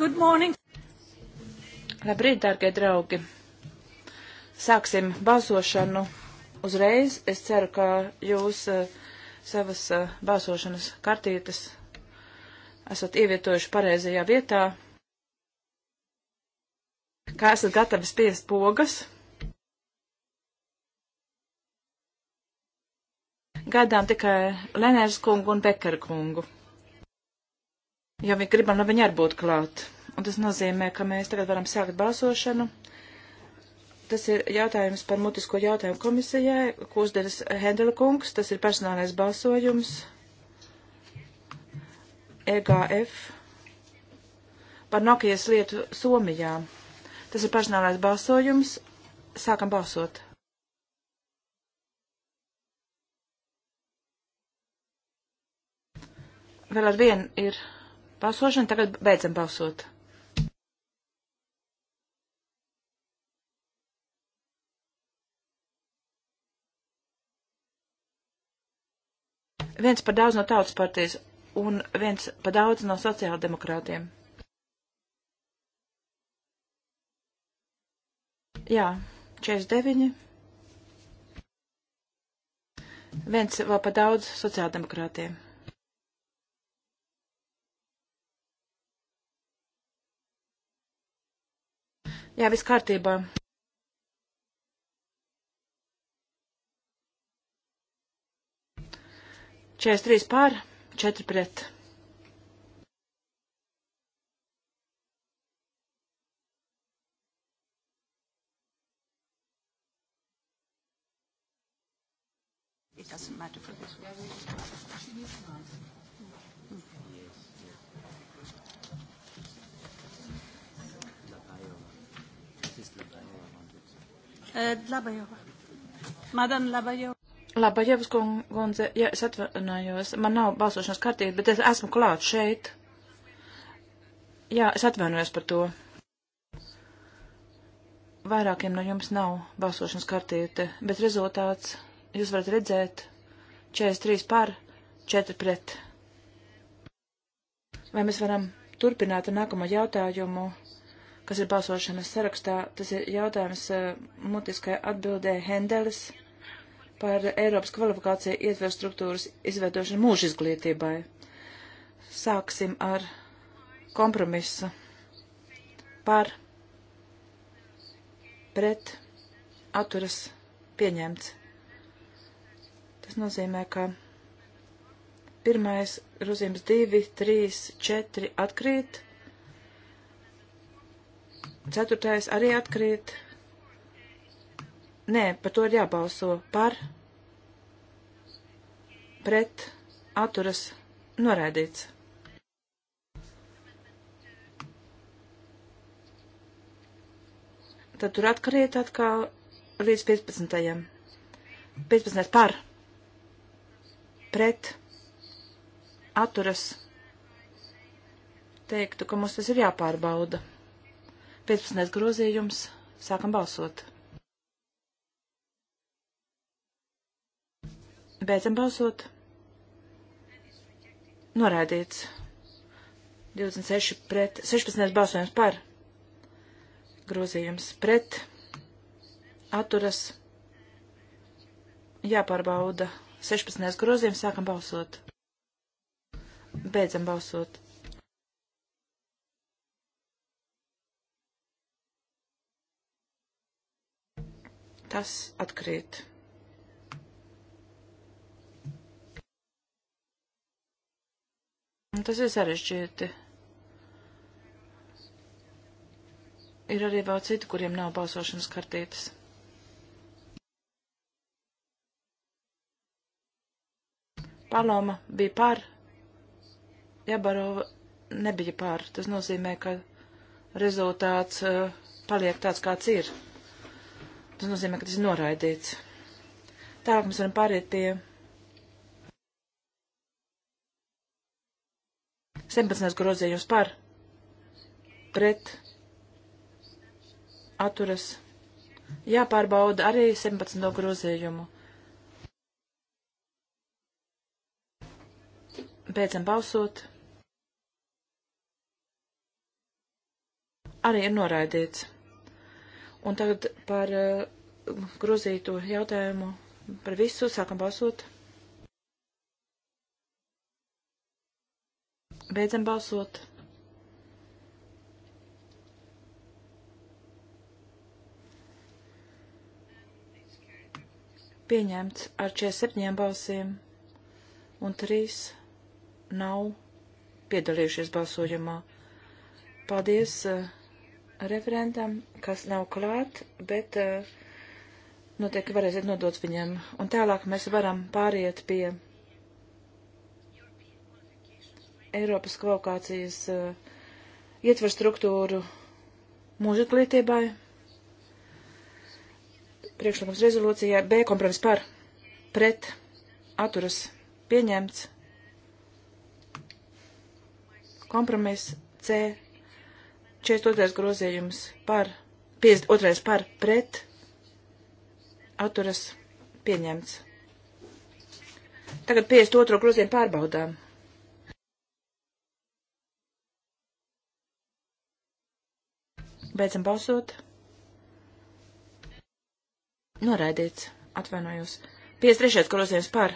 Good morning. Labrīt, dārgie draugi. Sāksim balsošanu uzreiz. Es ceru, ka jūs uh, savas uh, balsošanas kartītes esat ievietojuši pareizajā vietā. Kā esat gatavi spiest pogas? Gaidām tikai Lenērs kungu un Bekara kungu. Ja viņi gribam, lai viņi arī būtu klāt un tas nozīmē, ka mēs tagad varam sākt balsošanu. Tas ir jautājums par mutisko jautājumu komisijai, ko uzdevis Hendela kungs, tas ir personālais balsojums. EGF par Nokijas lietu Somijā. Tas ir personālais balsojums. Sākam balsot. Vēl ar vienu ir balsošana, tagad beidzam balsot. viens par daudz no tautas partijas un viens par daudz no sociāldemokrātiem. Jā, 49. Viens vēl par daudz sociāldemokrātiem. Jā, viss kārtībā. 43 pār, 4 pret. It doesn't matter for this one. Uh, Dlabayova. Madame Dlabayova. Labi, Jevas kundze, ja es atvainojos, man nav balsošanas kartība, bet es esmu klāt šeit. Jā, es atvainojos par to. Vairākiem no jums nav balsošanas kartīte, bet rezultāts jūs varat redzēt 43 par, 4 pret. Vai mēs varam turpināt ar nākamo jautājumu, kas ir balsošanas sarakstā? Tas ir jautājums uh, mutiskai atbildē Hendelis par Eiropas kvalifikāciju ietver struktūras izveidošanu mūža izglītībai. Sāksim ar kompromisu par pret atturas pieņemts. Tas nozīmē, ka pirmais grozījums 2, 3, 4 atkrīt, ceturtais arī atkrīt, Nē, par to ir jābalso. Par, pret, atturas, noraidīts. Tad tur atkarīt atkal līdz 15. 15. par, pret, atturas. Teiktu, ka mums tas ir jāpārbauda. 15. grozījums. Sākam balsot. Beidzam balsot. Noraidīts. 26 pret, 16 balsojums par. Grozījums pret. Atturas. Jāpārbauda. 16 grozījums sākam balsot. Beidzam balsot. Tas atkrīt. Un nu, tas ir sarežģīti. Ir arī vēl citi, kuriem nav balsošanas kartītes. Paloma bija pār, Jabarova nebija pār. Tas nozīmē, ka rezultāts uh, paliek tāds, kāds ir. Tas nozīmē, ka tas ir noraidīts. Tālāk mēs varam pāriet pie 17. grozījums par pret atturas jāpārbauda arī 17. grozījumu. Beidzam balsot. Arī ir noraidīts. Un tagad par uh, grozīto jautājumu par visu sākam balsot. Beidzam balsot. Pieņemts ar 47 balsīm un 3 nav piedalījušies balsojumā. Paldies uh, referentam, kas nav klāt, bet uh, noteikti varēsiet nodot viņam. Un tālāk mēs varam pāriet pie Eiropas kvalifikācijas uh, eh, ietver struktūru mūža izglītībai. Priekšlikums rezolūcijā B kompromis par pret atturas pieņemts. Kompromis C 42. grozījums par 52. par pret atturas pieņemts. Tagad 52. grozījumu pārbaudām. Beidzam balsot. Noraidīts. Atvainojos. 53. grozījums par.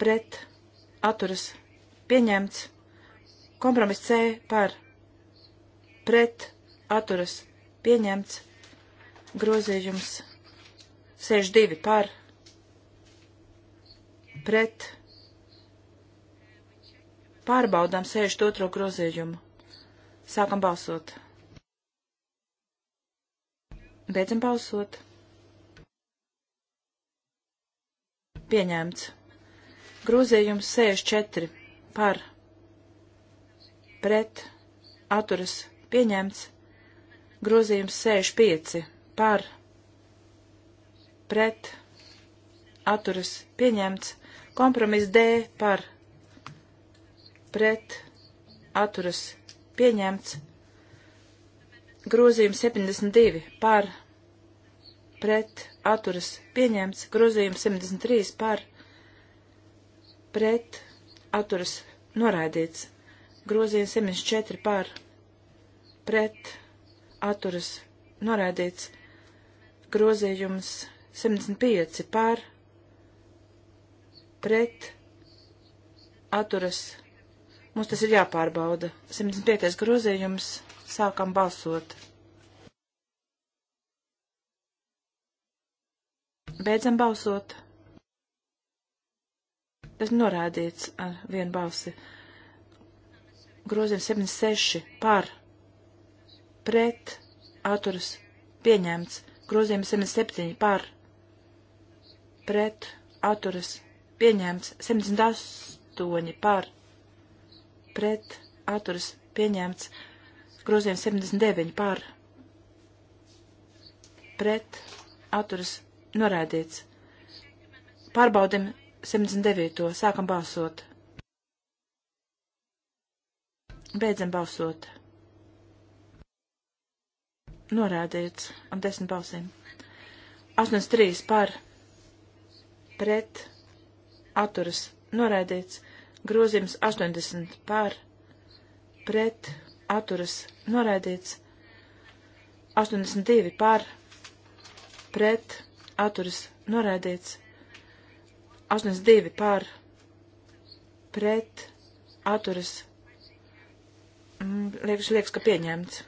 Pret. Atturas. Pieņemts. Kompromiss C par. Pret. Atturas. Pieņemts. Grozījums. 62 par. Pret. Pārbaudām 62. grozījumu. Sākam balsot. Beidzam balsot. Pieņemts. Grūzījums 64 par pret atturas pieņemts. Grūzījums 65 par pret atturas pieņemts. Kompromiss D par pret atturas pieņemts grozījums 72 par pret atturas pieņemts, grozījums 73 par pret atturas noraidīts, grozījums 74 par pret atturas noraidīts, grozījums 75 par pret atturas. Mums tas ir jāpārbauda. 75. grozījums. Sākam balsot. Beidzam balsot. Tas norādīts ar vienu balsi. Grozījums 76 par pret atturas pieņemts. Grozījums 77 par pret atturas pieņemts. 78 par pret atturas pieņemts grozījums 79 par pret atturas norādīts. Pārbaudim 79. Sākam balsot. Beidzam balsot. Norādīts ar desmit balsīm. 83 par pret atturas norādīts. Grozījums 80 par pret atturas atturas noraidīts. 82 par pret atturas noraidīts. 82 par pret atturas. Mm, liekas, liekas, ka pieņemts.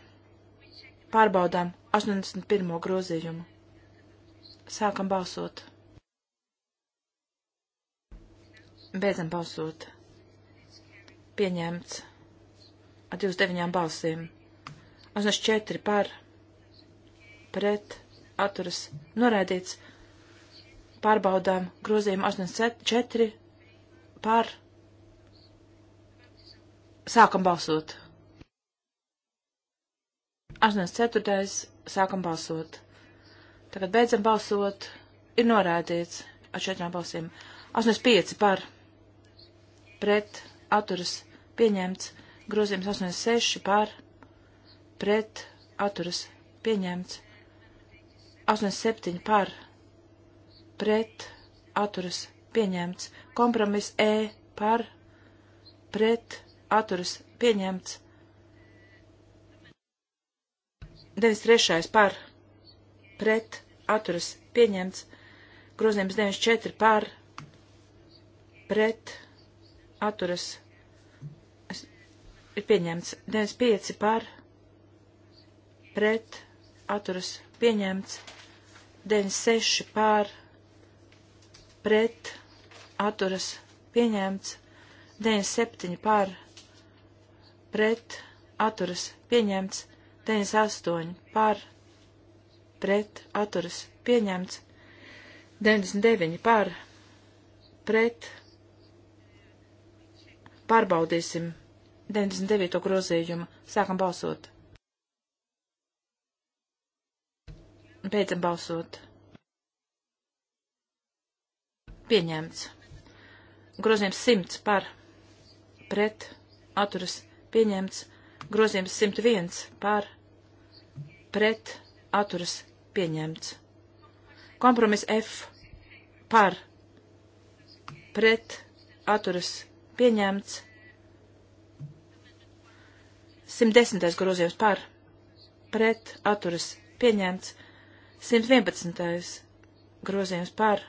Pārbaudām 81. grozījumu. Sākam balsot. Beidzam balsot. Pieņemts ar 29 balsīm. 84 par, pret, atturas, noraidīts. Pārbaudām grozījumu 84 par. Sākam balsot. 84. sākam balsot. Tagad beidzam balsot. Ir norādīts ar četrām balsīm. 85 par, pret, atturas, pieņemts grozījums 86 par pret atturas pieņemts, 87 par pret atturas pieņemts, kompromiss E par pret atturas pieņemts, 93 par pret atturas pieņemts, grozījums 94 par pret atturas pieņemts ir pieņemts. 95 par, pret, atturas pieņemts. 96 par, pret, atturas pieņemts. 97 par, pret, atturas pieņemts. 98 par, pret, atturas pieņemts. 99 par, pret, pārbaudīsim 99. grozījumu. Sākam balsot. Beidzam balsot. Pieņemts. Grozījums 100 par pret atturas pieņemts. Grozījums 101 par pret atturas pieņemts. Kompromiss F par pret atturas pieņemts. 110. grozījums par, pret, atturas, pieņemts. 111. grozījums par,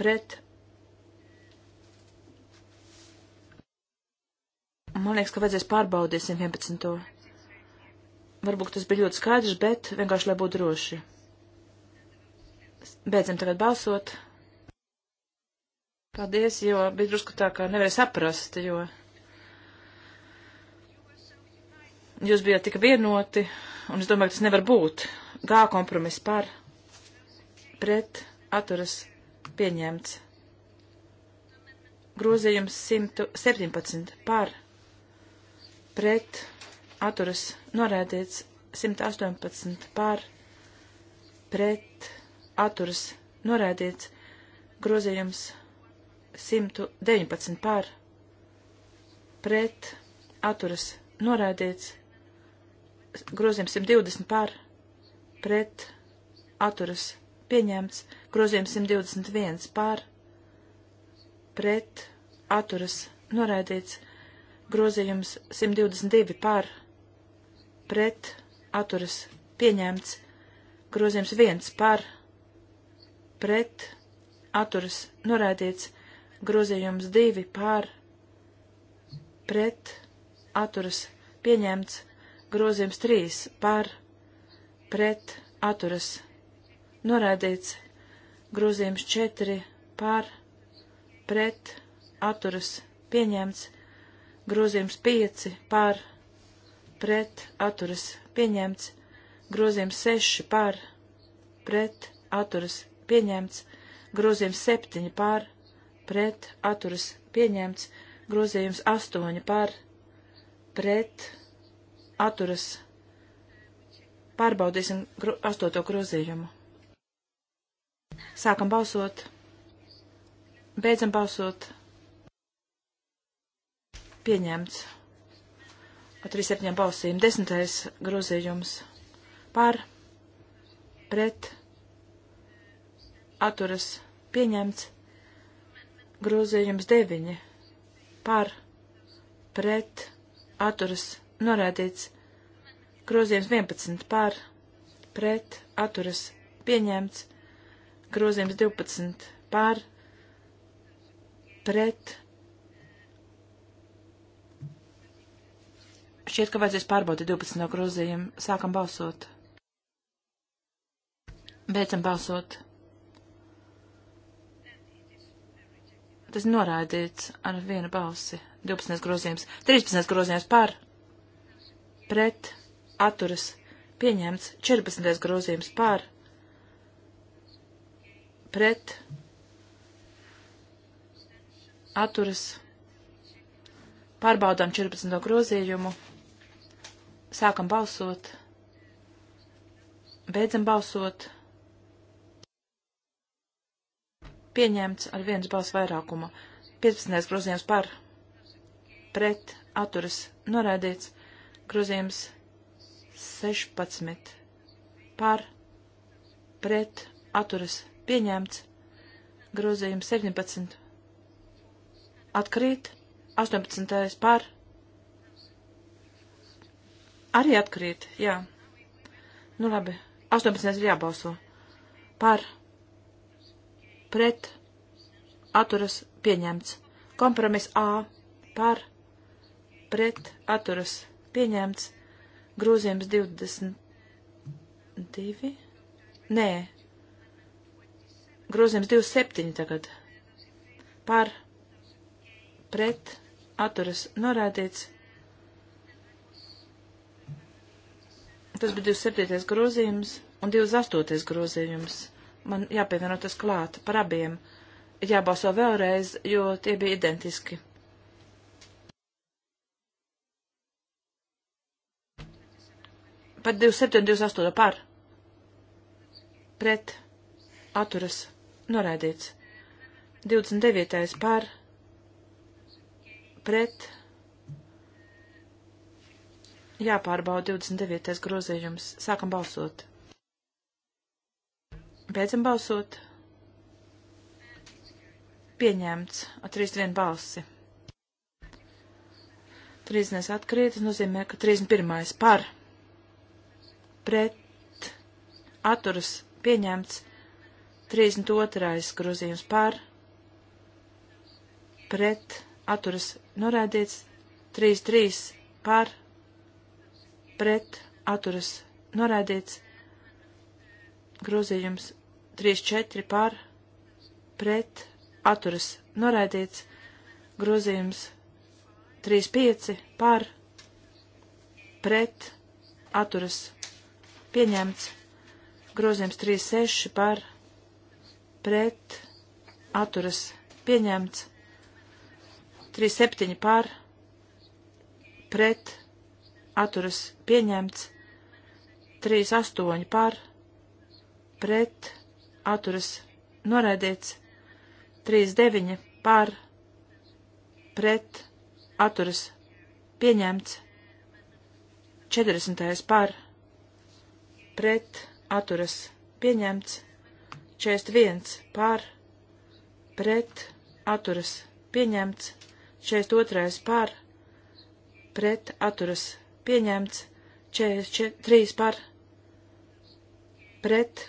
pret. Man liekas, ka vajadzēs pārbaudīt 111. Varbūt tas bija ļoti skaidrs, bet vienkārši, lai būtu droši. Beidzam tagad balsot. Paldies, jo bija drusku tā, ka nevarēja saprast, jo. jūs bijāt tik vienoti, un es domāju, ka tas nevar būt. Gā kompromis par, pret, atturas, pieņemts. Grozījums 117 par, pret, atturas, norēdīts 118 par, pret, atturas, norēdīts. Grozījums 119 par, pret, atturas, norēdīts grozījums 120 par pret atturas pieņemts, grozījums 121 par pret atturas noraidīts, grozījums 122 par pret atturas pieņemts, grozījums 1 par pret atturas noraidīts, grozījums 2 par pret atturas pieņemts grozījums 3 par pret atturas norādīts, grozījums 4 par pret atturas pieņemts, grozījums 5 par pret atturas pieņemts, grozījums 6 par pret atturas pieņemts, grozījums 7 par pret atturas pieņemts, grozījums 8 par pret atturas. Pārbaudīsim gro astoto grozījumu. Sākam balsot. Beidzam balsot. Pieņemts. Ar 37 balsīm. Desmitais grozījums. Par. Pret. Atturas. Pieņemts. Grozījums 9. Par. Pret. Atturas norādīts grozījums 11 par, pret, atturas, pieņemts, grozījums 12 par, pret. Šķiet, ka vajadzēs pārbaudīt 12 no grozījuma. Sākam balsot. Beidzam balsot. Tas noraidīts ar vienu balsi. 12 grozījums. 13 grozījums par, pret, atturas, pieņemts 14. grozījums par, pret, atturas, pārbaudām 14. grozījumu, sākam balsot, beidzam balsot, pieņemts ar viens balss vairākumu, 15. grozījums par, pret, atturas, noraidīts, grozījums 16 par pret atturas pieņemts, grozījums 17 atkrīt, 18 par arī atkrīt, jā. Nu labi, 18 ir jābalso par pret atturas pieņemts. Kompromiss A par pret atturas pieņemts pieņemts grozījums 22. Nē, grozījums 27 tagad. Par, pret, atturas norādīts. Tas bija 27. grozījums un 28. grozījums. Man jāpievieno tas klāt par abiem. Jābalso vēlreiz, jo tie bija identiski. Pat 27, 28 par. Pret. Atturas. Noraidīts. 29. par. Pret. Jāpārbauda 29. grozījums. Sākam balsot. Beidzam balsot. Pieņemts ar 31 balsi. 30. atkrīt, tas nozīmē, ka 31. par pret atturas pieņemts 32. grozījums par pret atturas norādīts 33 par pret atturas norādīts grozījums 34 par pret atturas norādīts grozījums 35 par pret atturas norādīts pieņemts grozījums 36 par pret atturas pieņemts 37 par pret atturas pieņemts 38 par pret atturas noraidīts 39 par pret atturas pieņemts 40 par pret pret atturas pieņemts 41 par pret atturas pieņemts 42 par pret atturas pieņemts 43 par pret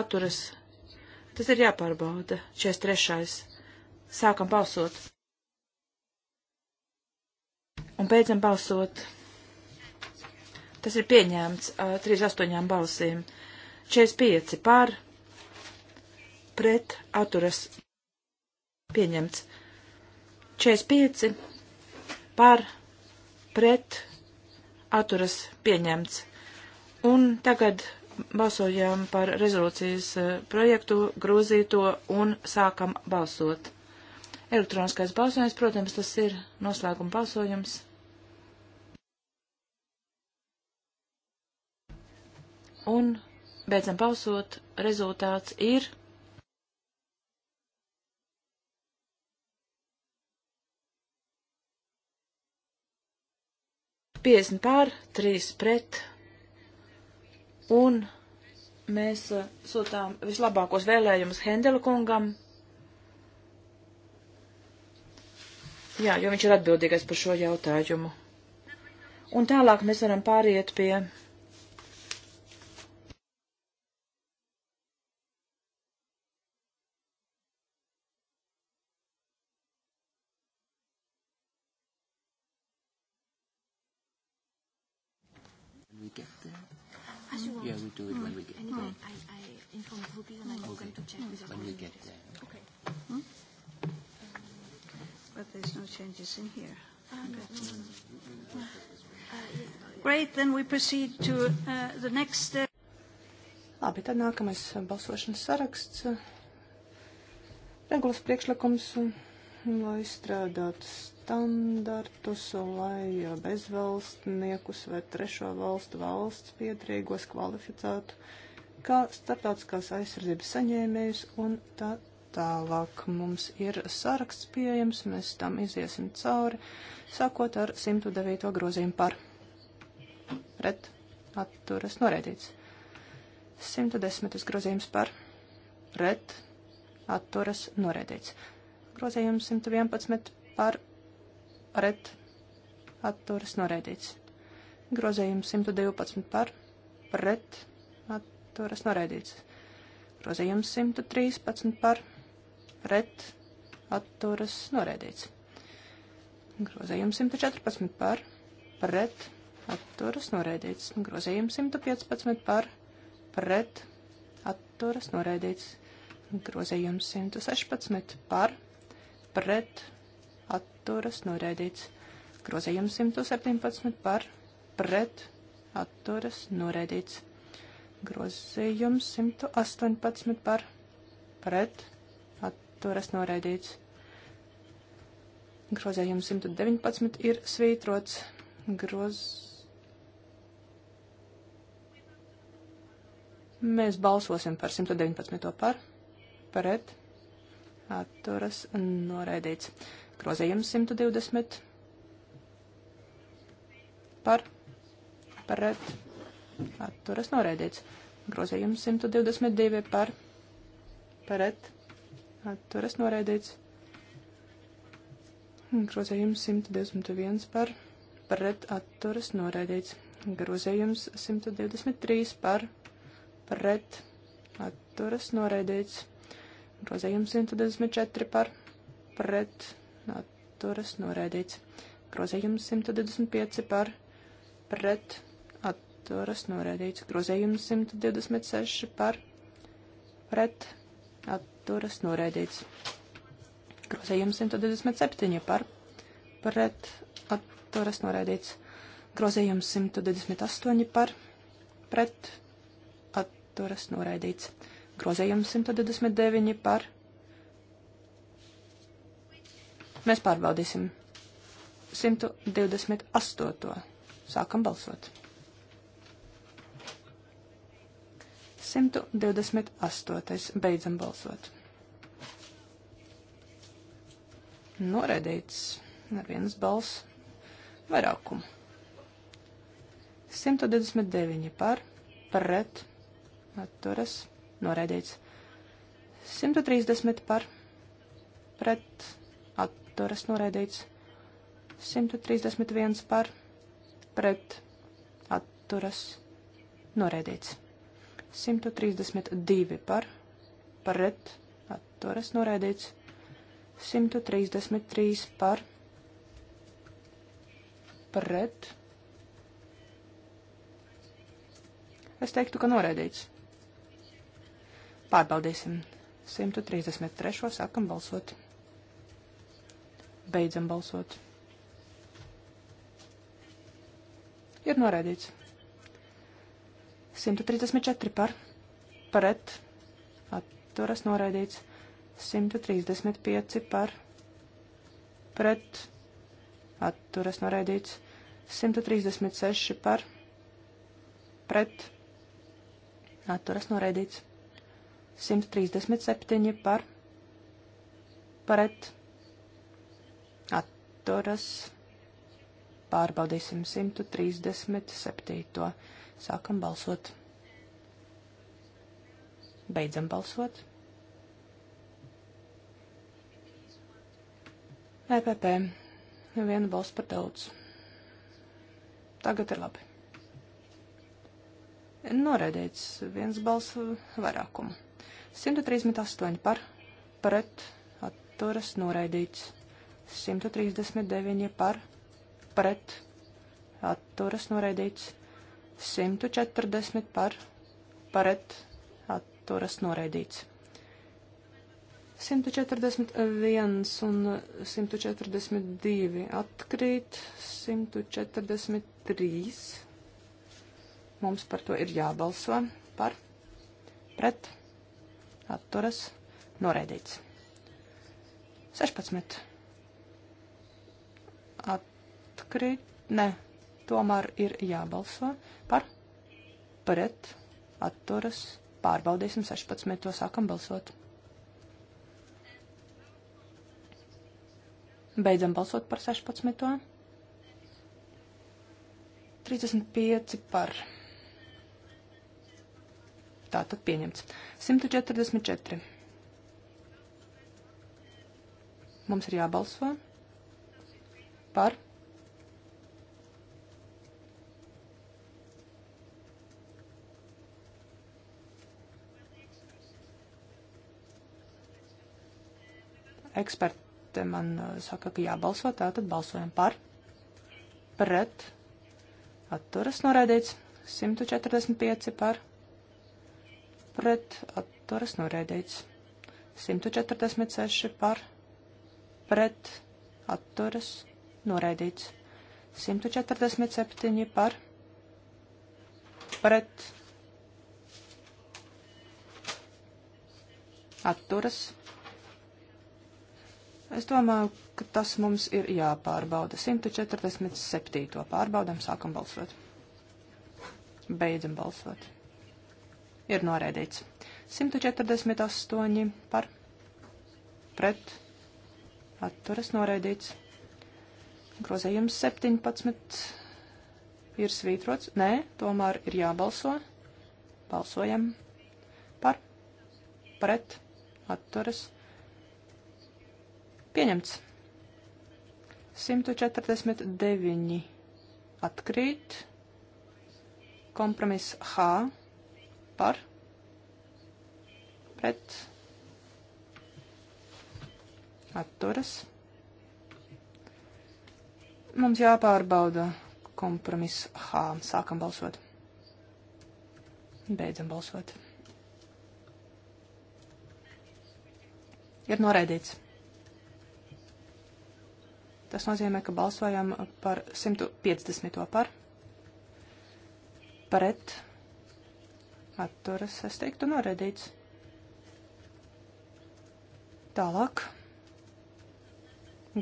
atturas. Tas ir jāpārbauda 43. Sākam balsot. Un beidzam balsot. Tas ir pieņēmts uh, 38 balsīm. 45 par, pret, atturas. Pieņemts. 45 par, pret, atturas. Pieņemts. Un tagad balsojām par rezolūcijas projektu grozīto un sākam balsot. Elektroniskais balsojums, protams, tas ir noslēguma balsojums. un beidzam balsot. Rezultāts ir. Piesni pār, trīs pret, un mēs uh, sūtām vislabākos vēlējumus Hendela kungam. Jā, jo viņš ir atbildīgais par šo jautājumu. Un tālāk mēs varam pāriet pie check mm. when you get there. Okay. Hmm? Um, but there's no changes in here. Um, mm, uh, no, no, no. Uh, yes. Great, then we proceed to uh, the next. Uh... Labi, tad nākamais balsošanas saraksts. Regulas priekšlikums, lai strādātu standartus, lai bezvalstniekus vai trešo valstu valsts piedrīgos kvalificētu uh, kā starptautiskās aizsardzības saņēmējus un tā tālāk. Mums ir saraksts pieejams, mēs tam iziesim cauri, sākot ar 109. grozījumu par pret atturas norēdīts. 110. grozījums par pret atturas norēdīts. Grozījums 111 par pret atturas norēdīts. Grozījums 112 par pret atturas noraidīts. Grozījums 113 par pret atturas noraidīts. Grozījums 114 par pret atturas noraidīts. Grozījums 115 par pret atturas noraidīts. Grozījums 116 par pret atturas noraidīts. Grozījums 117 par pret atturas noraidīts grozījums 118 par pret atturas noraidīts. Grozījums 119 ir svītrots. Groz... Mēs balsosim par 119 par pret atturas noraidīts. Grozījums 120 par pret atturas noraidīts. Grozījums 122 par pret atturas noraidīts. Grozījums 121 par pret atturas noraidīts. Grozījums 123 par pret atturas noraidīts. Grozījums 124 par pret atturas noraidīts. Grozījums 125 par pret atturas noraidīts atturas norēdīts. Grozījums 126 par pret atturas norēdīts. Grozījums 127 par pret atturas norēdīts. Grozījums 128 par pret atturas norēdīts. Grozījums 129 par. Mēs pārbaudīsim 128. Sākam balsot. 128. Beidzam balsot. Noraidīts ar vienas balss vairākumu. 129 par, pret, atturas, noraidīts. 130 par, pret, atturas, noraidīts. 131 par, pret, atturas, noraidīts. 132 par, pret, atturas noraidīts, 133 par, pret. Es teiktu, ka noraidīts. Pārbaudīsim. 133. sākam balsot. Beidzam balsot. Ir noraidīts. 134 par, pret, atturas noraidīts, 135 par, pret, atturas noraidīts, 136 par, pret, atturas noraidīts, 137 par, pret, atturas, pārbaudīsim 137. Sākam balsot. Beidzam balsot. EPP. Viena balss par daudz. Tagad ir labi. Noraidīts viens balss vairākumu. 138 par, pret, atturas noraidīts. 139 par, pret, atturas noraidīts. 140 par paret atturas noraidīts. 141 un 142 atkrīt, 143. Mums par to ir jābalso par pret atturas noraidīts. 16. Atkrīt, ne, tomēr ir jābalso par pret atturas. Pārbaudīsim 16. sākam balsot. Beidzam balsot par 16. 35 par. Tātad pieņemts. 144. Mums ir jābalso par Eksperti man uh, saka, ka jābalso, tātad balsojam par, pret, atturas noraidīts, 145 par, pret, atturas noraidīts, 146 par, pret, atturas noraidīts, 147 par, pret, atturas noraidīts. Es domāju, ka tas mums ir jāpārbauda. 147. pārbaudam, sākam balsot. Beidzam balsot. Ir noraidīts. 148 par pret atturas noraidīts. Grozējums 17 ir svītrots. Nē, tomēr ir jābalso. Balsojam par pret atturas noraidīts Pieņemts. 149 atkrīt. Kompromiss H par pret atturas. Mums jāpārbauda kompromiss H. Sākam balsot. Beidzam balsot. Ir noraidīts. Tas nozīmē, ka balsojam par 150. par. Pret. Atturas, es teiktu, noredīts. Tālāk.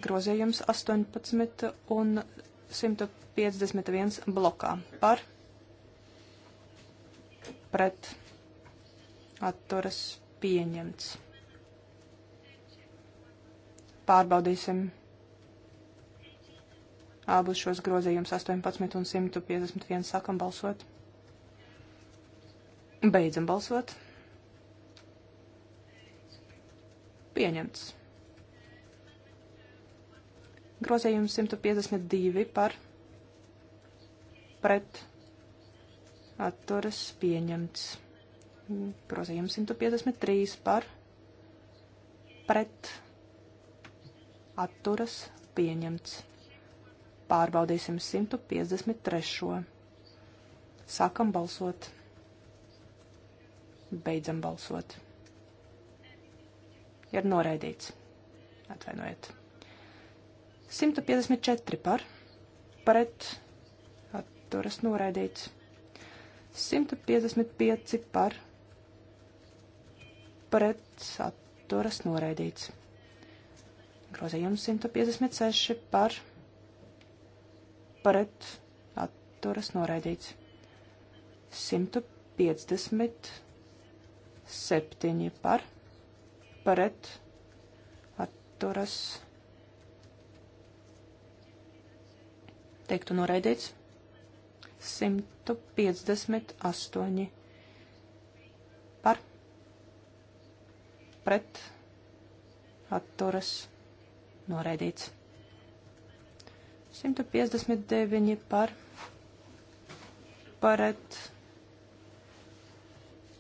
Grozījums 18 un 151 blokā par pret atturas pieņemts. Pārbaudīsim abus šos grozījumus 18 un 151 sākam balsot. Beidzam balsot. Pieņemts. Grozījums 152 par pret atturas pieņemts. Grozījums 153 par pret atturas pieņemts. Pārbaudīsim 153. Sākam balsot. Beidzam balsot. Ir noraidīts. Atvainojiet. 154 par, pret, atturas noraidīts. 155 par, pret, atturas noraidīts. Grozījums 156 par, pret pret atturas noraidīts. 157 par pret atturas teiktu noraidīts. 158 par pret atturas noraidīts. 159 par paret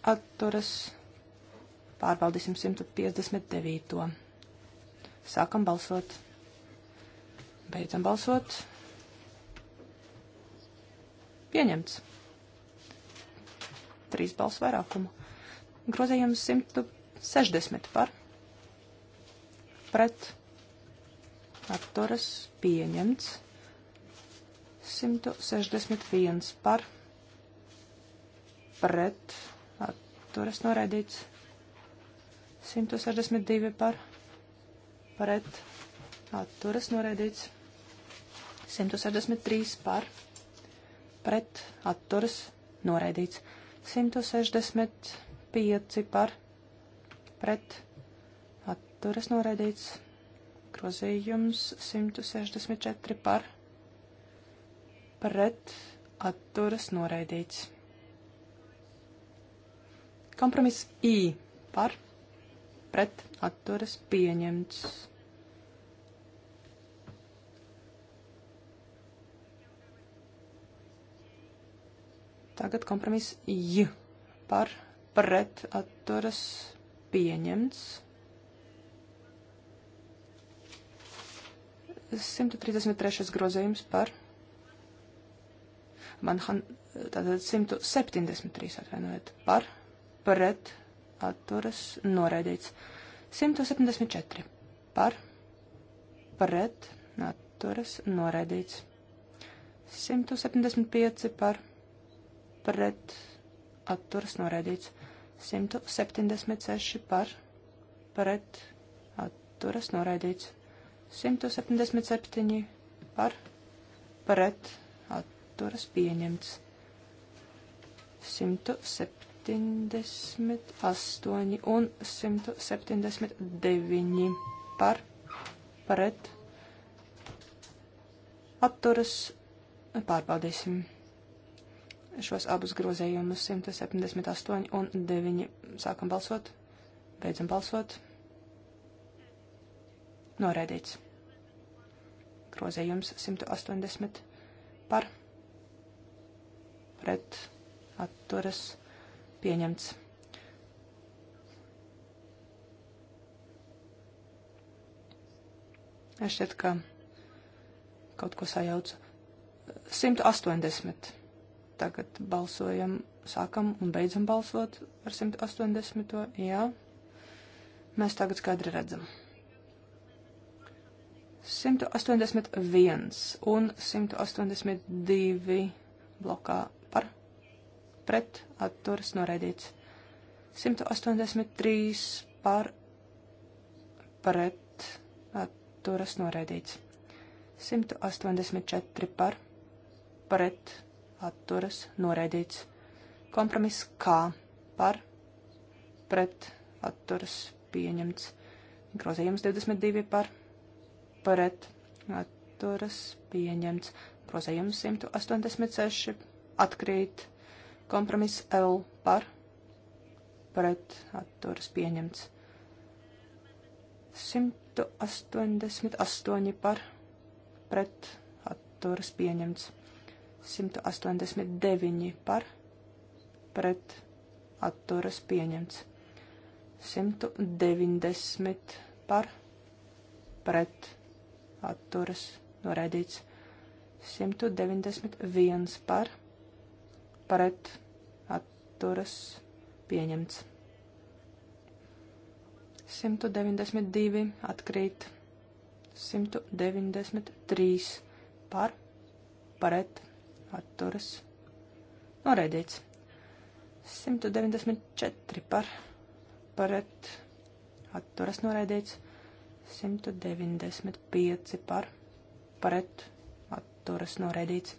atturas. Pārbaudīsim 159. Sākam balsot. Beidzam balsot. Pieņemts. Trīs balsu vairākumu. Grozījums 160 par pret atturas pieņemts. 161 par pret atturas noraidīts. 162 par pret atturas noraidīts. 163 par pret atturas noraidīts. 165 par pret atturas noraidīts. Grozījums 164 par pret pret atturas noraidīts. Kompromiss I par pret atturas pieņemts. Tagad kompromiss J par pret atturas pieņemts. 133. grozījums par pret Manhan, tātad 173 atvainojiet par, pret, atturas, noraidīts. 174 par, pret, atturas, noraidīts. 175 par, pret, atturas, noraidīts. 176 par, pret, atturas, noraidīts. 177 par, pret, atturas pieņemts. 178 un 179 par pret atturas pārbaudīsim šos abus grozējumus 178 un 9. Sākam balsot, beidzam balsot. Noraidīts. Grozējums 180 par pret atturas pieņemts. Es šķiet, ka kaut ko sajaucu. 180. Tagad balsojam, sākam un beidzam balsot ar 180. Jā. Mēs tagad skaidri redzam. 181 un 182 blokā par pret atturas noraidīts. 183 par pret atturas noraidīts. 184 par pret atturas noraidīts. Kompromiss K par pret atturas pieņemts. Grozījums 22 par pret atturas pieņemts. Grozījums 186 atkrīt. Kompromiss L par pret atturas pieņemts. 188 par pret atturas pieņemts. 189 par pret atturas pieņemts. 190 par pret atturas noraidīts. 191 par pret pret atturas pieņemts. 192 atkrīt, 193 par pret atturas noraidīts. 194 par pret atturas noraidīts, 195 par pret atturas noraidīts.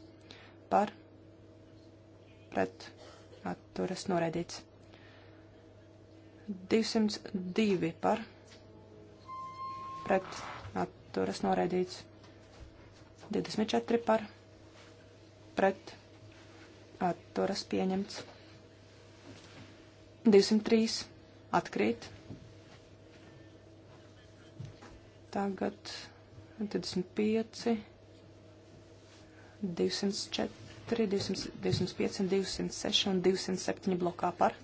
par pret atturas noraidīts. 202 par pret atturas noraidīts. 24 par pret atturas pieņemts. 203 atkrīt. Tagad 25, 204. 4, 200, 205, 206 un 207 blokā par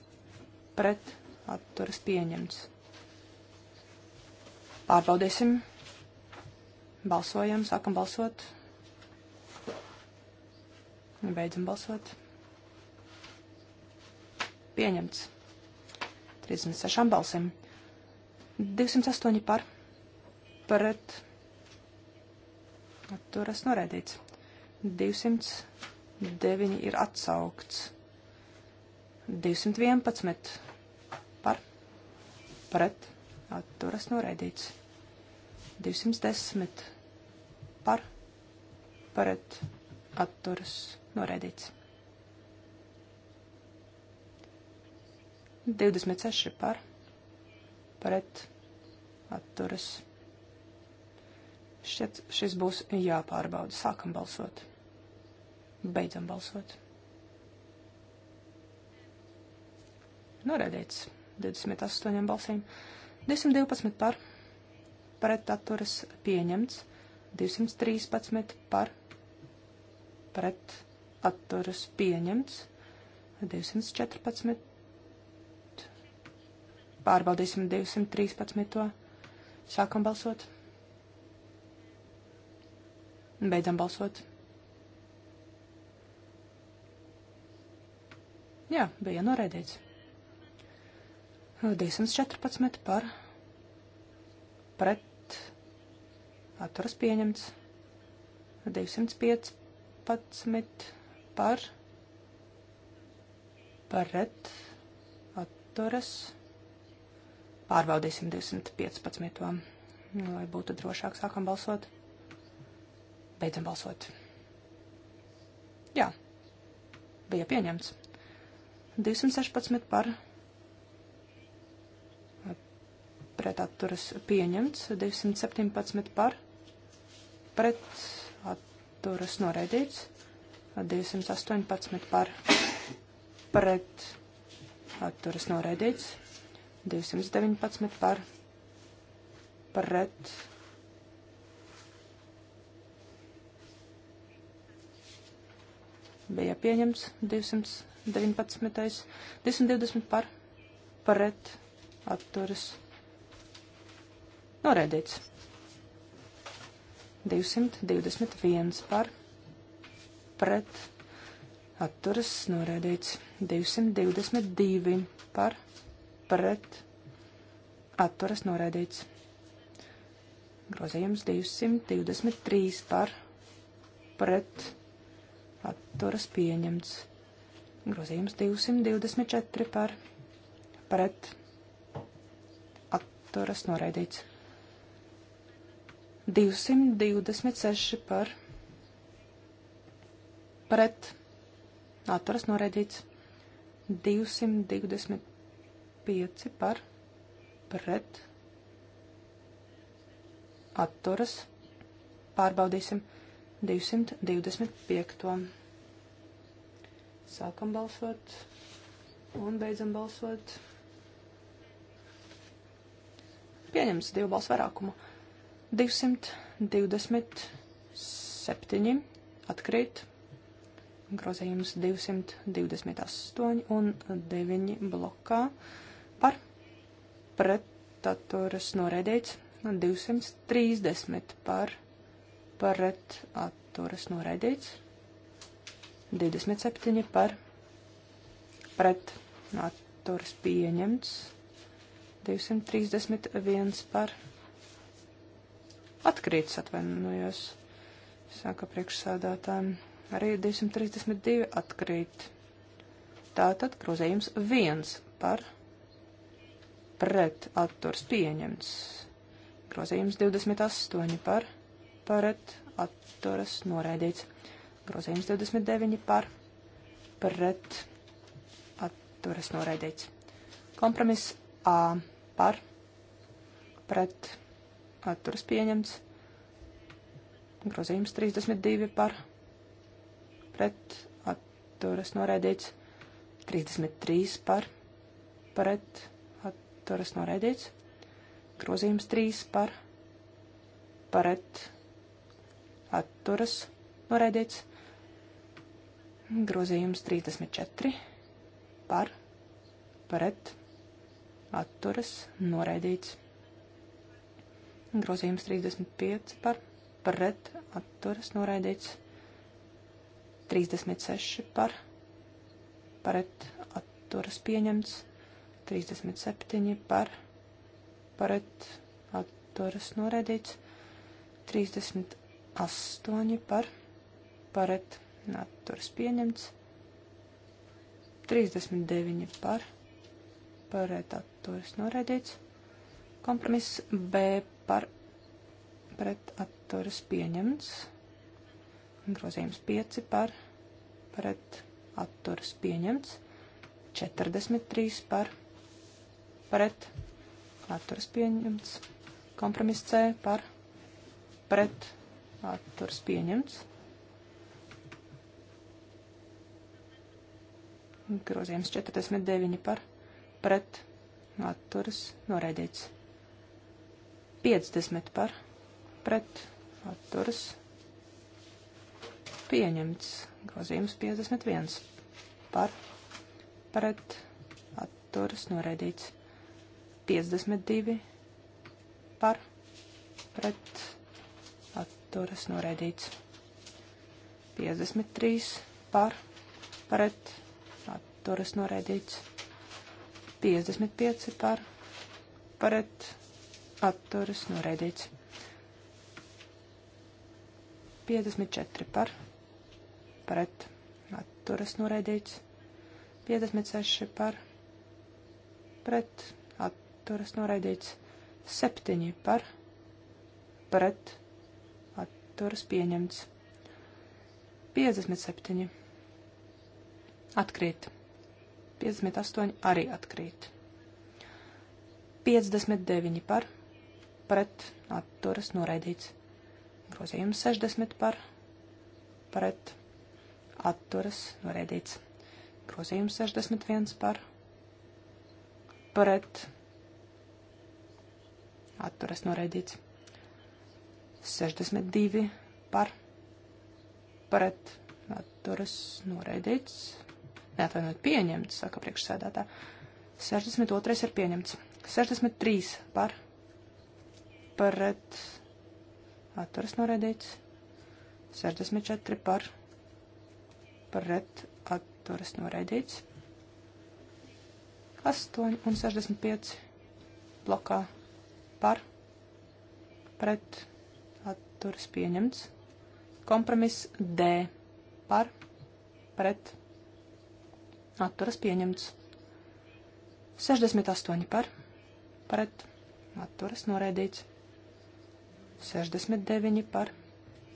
pret atturas pieņemts. Pārbaudīsim. Balsojam, sākam balsot. Beidzam balsot. Pieņemts. 36 balsim. 208 par. Pret. Atturas norēdīts. 200. 9 ir atsaukts. 211 par pret atturas noraidīts. 210 par pret atturas noraidīts. 26 par pret atturas. Šķiet, šis būs jāpārbauda. Sākam balsot. Beidzam balsot. Noraidīts 28 balsīm. 212 par. Pret atturas pieņemts. 213 par. Pret atturas pieņemts. 214. Pārbaudīsim 213. Sākam balsot. Beidzam balsot. Jā, bija noraidīts. 214 par pret atturas pieņemts. 215 par pret atturas. Pārbaudīsim 215, lai būtu drošāk sākam balsot. Beidzam balsot. Jā, bija pieņemts. 216 par pretatturas pieņemts, 217 par pretatturas noraidīts, 218 par pretatturas noraidīts, 219 par pret. Bija pieņemts 200. 19. 10.20 par pret atturas noraidīts. 221 par pret atturas noraidīts. 222 par pret atturas noraidīts. Grozījums 223 par pret atturas pieņemts. Grozījums 224 par pret atturas noraidīts. 226 par pret atturas noraidīts. 225 par pret atturas pārbaudīsim 225. Sākam balsot un beidzam balsot. Pieņems divu balsu vairākumu. 227 atkrīt. Grozījums 228 un 9 blokā par pretaturas noraidīts 230 par pretaturas noraidīts 27 par pret atturas pieņemts, 231 par atkrītas atvainojos, saka priekšsādātājiem, arī 232 atkrīt. Tātad grozējums 1 par pret atturas pieņemts, grozējums 28 par pret atturas noraidīts. Grozījums 29 par pret atturas noraidīts. Kompromiss A par pret atturas pieņemts. Grozījums 32 par pret atturas noraidīts. 33 par pret atturas noraidīts. Grozījums 3 par pret atturas noraidīts. Grozījums 34 par, pret, atturas, noraidīts. Grozījums 35 par, pret, atturas, noraidīts. 36 par, pret, atturas, pieņemts. 37 par, pret, atturas, noraidīts. 38 par, pret, atturas Atturs pieņemts. 39 par. Pret atturs noraidīts. Kompromiss B par. Pret atturs pieņemts. Grozījums 5 par. Pret atturs pieņemts. 43 par. Pret atturs pieņemts. Kompromiss C par. Pret atturs pieņemts. grozījums 49 par pret atturas noraidīts. 50 par pret atturas pieņemts. Grozījums 51 par pret atturas noraidīts. 52 par pret atturas noraidīts. 53 par pret atturas noraidīts atturas noraidīts. 55 par pret atturas noraidīts. 54 par pret atturas noraidīts. 56 par pret atturas noraidīts. 7 par pret atturas pieņemts. 57 atkrīt. 58 arī atkrīt. 59 par, pret atturas noraidīts. Grozījums 60 par, pret atturas noraidīts. Grozījums 61 par, pret atturas noraidīts. 62 par, pret atturas noraidīts neatvainojot pieņemts, saka priekšsēdētā. 62. ir pieņemts. 63 par pret atturas noraidīts. 64 par pret atturas noraidīts. 8 un 65 blokā par pret atturas pieņemts. Kompromiss D par pret atturas pieņemts. 68 par, pret, atturas noraidīts. 69 par,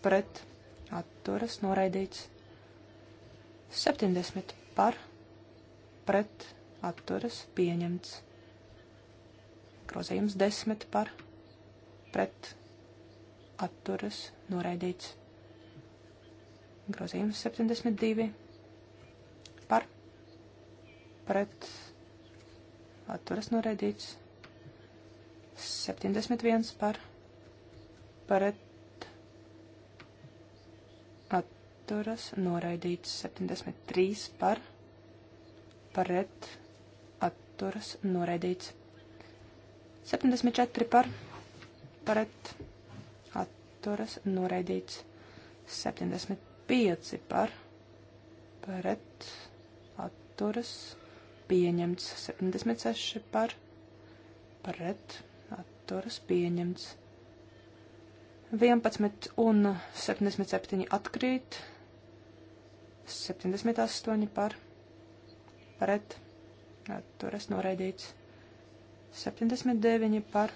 pret, atturas noraidīts. 70 par, pret, atturas pieņemts. Grozījums 10 par, pret, atturas noraidīts. Grozījums 72 par pret atturas noraidīts. 71 par pret atturas noraidīts. 73 par pret atturas noraidīts. 74 par pret atturas noraidīts. 75 par pret atturas noraidīts pieņemts. 76 par pret atturas pieņemts. 11 un 77 atkrīt. 78 par pret atturas noraidīts. 79 par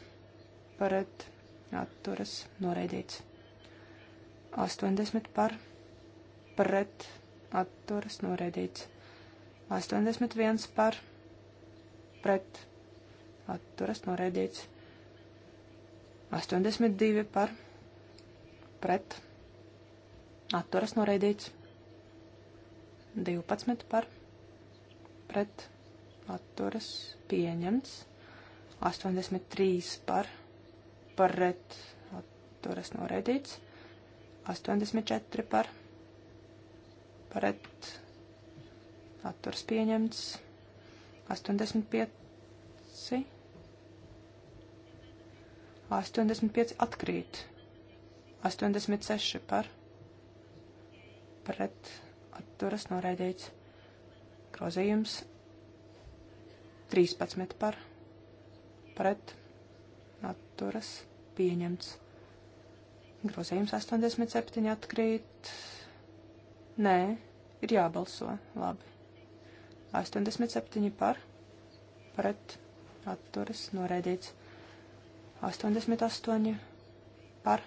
pret atturas noraidīts. 80 par pret atturas noraidīts. 81 par pret atturas noraidīts. 82 par pret atturas noraidīts. 12 par pret atturas pieņemts. 83 par pret atturas noraidīts. 84 par pret atturas noraidīts atturs pieņemts 85. 85 atkrīt. 86 par pret atturas noraidīts. Grozījums 13 par pret atturas pieņemts. Grozījums 87 atkrīt. Nē, ir jābalso. Labi. 87 par pret atturas noraidīts. 88 par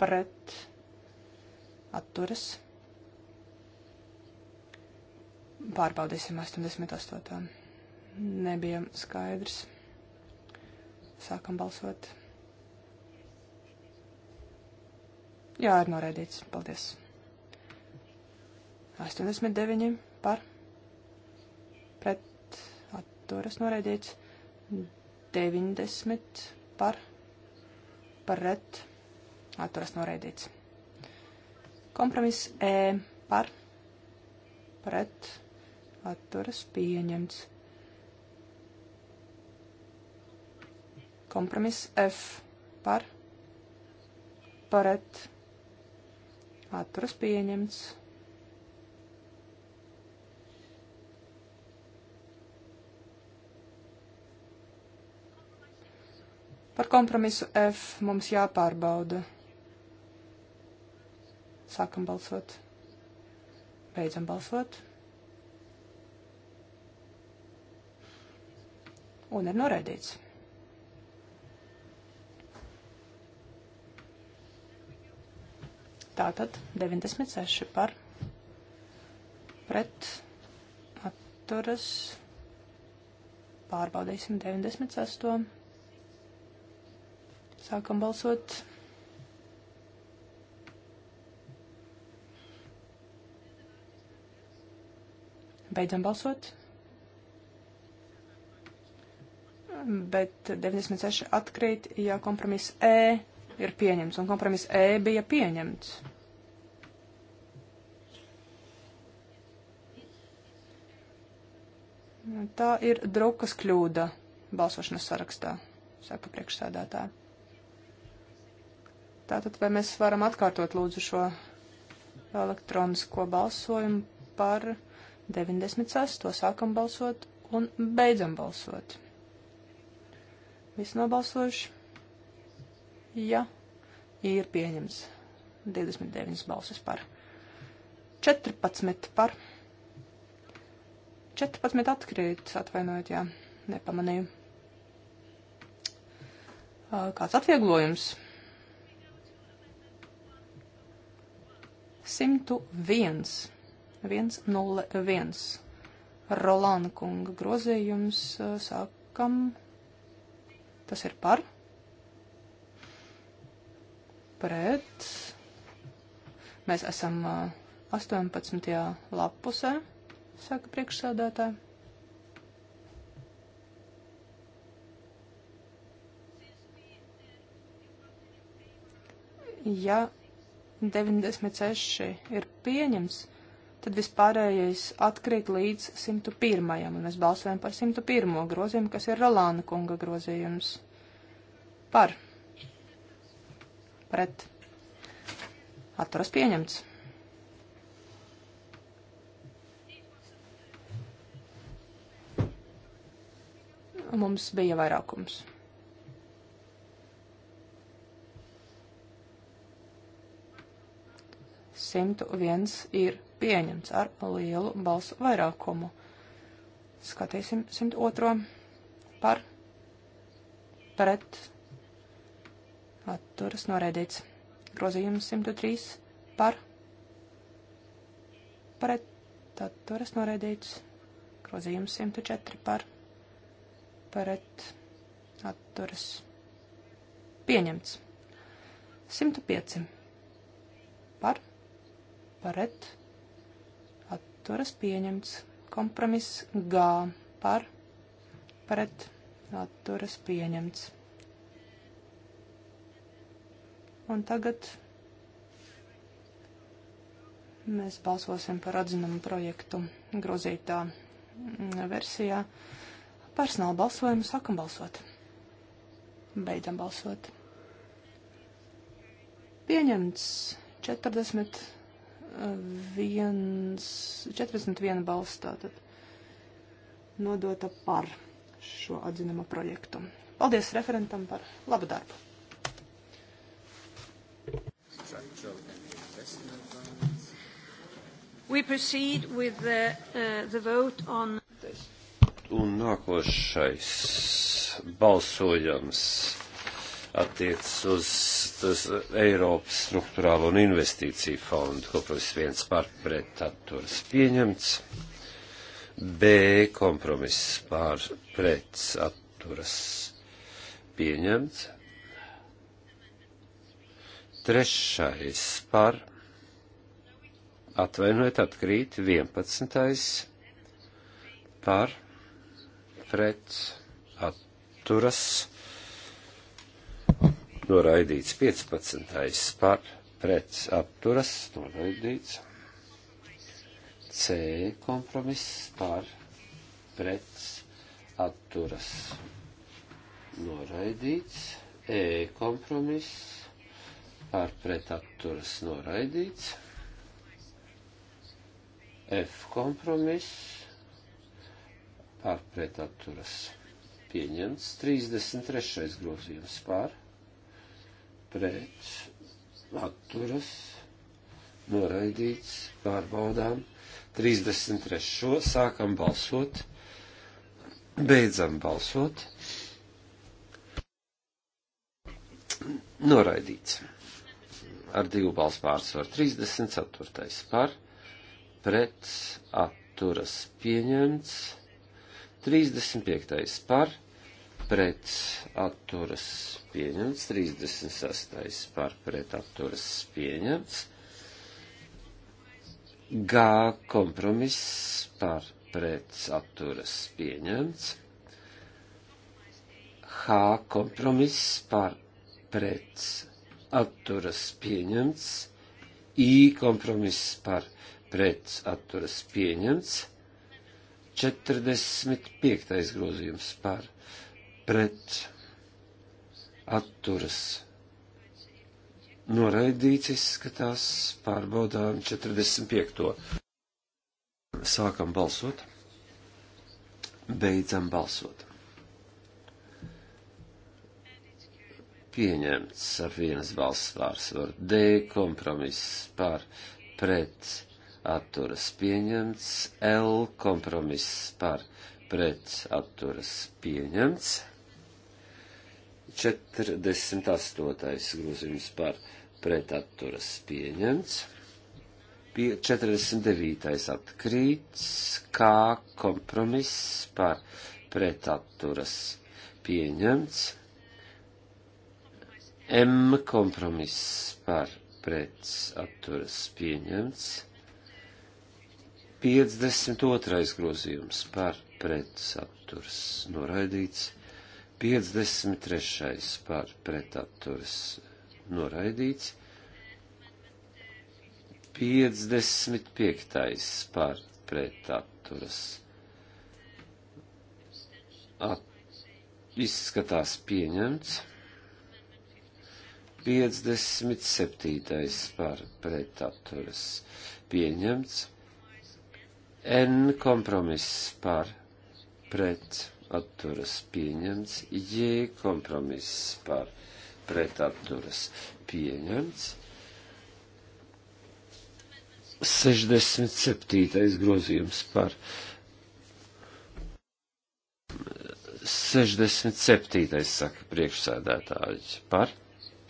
pret atturas. Pārbaudīsim 88. Nebija skaidrs. Sākam balsot. Jā, ir noraidīts. Paldies. 89 atturas noraidīts 90 par pret atturas noraidīts. Kompromiss E par pret atturas pieņemts. Kompromiss F par pret atturas pieņemts. Par kompromisu F mums jāpārbauda. Sākam balsot. Beidzam balsot. Un ir noraidīts. Tātad 96 par pret atturas pārbaudīsim 96. Sākam balsot. Beidzam balsot. Bet 96 atkrīt, ja kompromiss E ir pieņemts, un kompromiss E bija pieņemts. Tā ir drukas kļūda balsošanas sarakstā, saka priekšsēdētāji. Tātad, vai mēs varam atkārtot lūdzu šo elektronisko balsojumu par 96. To sākam balsot un beidzam balsot. Visi nobalsojuši? Ja ir pieņems 29 balsis par. 14 par. 14 atkrīt, atvainojiet, jā, nepamanīju. Kāds atvieglojums? 101. 101. Rolāna kunga grozījums uh, sākam. Tas ir par. Pret. Mēs esam 18. Uh, lapusē, saka priekšsēdētāji. ja 96 ir pieņems, tad vispārējais atkrīt līdz 101. un mēs balsojam par 101. grozījumu, kas ir Rolāna kunga grozījums. Par. Pret. Atturas pieņemts. Mums bija vairākums. 101 ir pieņemts ar lielu balsu vairākumu. Skatīsim 102 par pret atturas noraidīts. Grozījums 103 par pret atturas noraidīts. Grozījums 104 par pret atturas pieņemts. 105 par pret, atturas pieņemts. Kompromiss G par, pret, atturas pieņemts. Un tagad mēs balsosim par atzinumu projektu grozītā versijā. Personāla balsojumu sākam balsot. Beidzam balsot. Pieņemts 40 viens, 41 balss tātad nodota par šo atzinuma projektu. Paldies referentam par labu darbu. We proceed with the, uh, the vote on this. Un nākošais balsojums attiec uz Eiropas struktūrālo un investīciju fondu, kompromiss viens par pret atturas pieņemts, B kompromiss par pret atturas pieņemts, trešais par atvainojiet atkrīt 11. par pret atturas pieņemts noraidīts 15. par pret apturas, noraidīts C kompromiss par pret apturas, noraidīts E kompromiss par pret apturas, noraidīts F kompromiss par pret apturas, pieņemts 33. grozījums par pret pret atturas noraidīts pārbaudām 33. Šo sākam balsot, beidzam balsot. Noraidīts. Ar divu balsu pārsvaru 34. par pret atturas pieņemts 35. par pret pret atturas pieņemts, 36. par pret atturas pieņemts, G kompromiss par pret atturas pieņemts, H kompromiss par pret atturas pieņemts, I kompromiss par pret atturas pieņemts, 45. grozījums par pret pret atturas. Noraidīts izskatās, pārbaudām 45. Sākam balsot, beidzam balsot. Pieņemts ar vienas balss pārsvaru D, kompromiss par pret atturas pieņemts, L kompromiss par pret atturas pieņemts. 48. grozījums par pretatturas pieņemts. 49. atkrīts, kā kompromiss par pretatturas pieņemts. M kompromiss par pretatturas pieņemts. 52. grozījums par pretsaturs noraidīts. 53. par pretapturas noraidīts, 55. par pretapturas at, izskatās pieņemts, 57. par pretapturas pieņemts, N kompromiss par pretapturas atturas pieņemts, J kompromiss par pret atturas pieņemts. 67. grozījums par 67. saka priekšsēdētājs par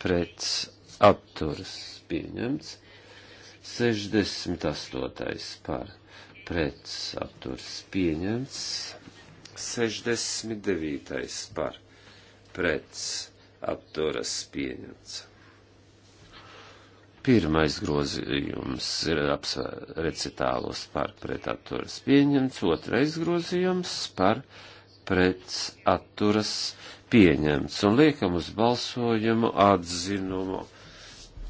pret apturas pieņemts, 68. par pret apturas pieņemts, 69. par pret apturas pieņemts. Pirmais grozījums ir recitālos par pretatturas pieņemts, otrais grozījums par pretatturas pieņemts. Un liekam uz balsojumu atzinumu.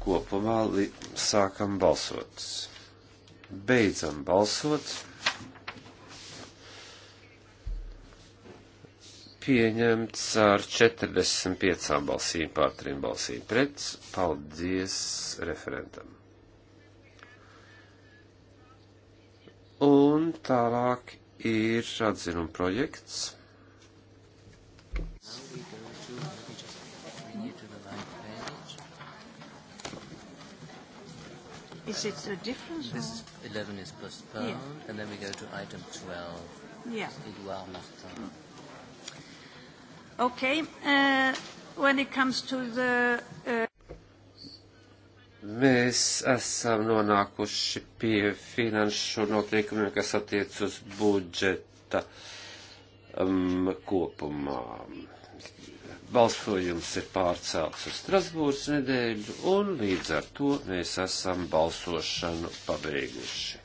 Kopumā sākam balsot. Beidzam balsot. pieņemts ar 45 balsīm pār 3 balsīm pret. Paldies referentam. Un tālāk ir atzinuma projekts. Is it a difference? This is 11 is postponed, yeah. and then we go to item 12. Yeah. Edouard Martin. Mm. Okay. Uh, when it comes to the... Uh... Mēs esam nonākuši pie finanšu noteikumiem, kas attiec uz budžeta um, kopumā. Balsojums ir pārcelts uz Strasbūras nedēļu, un līdz ar to mēs esam balsošanu pabeiguši.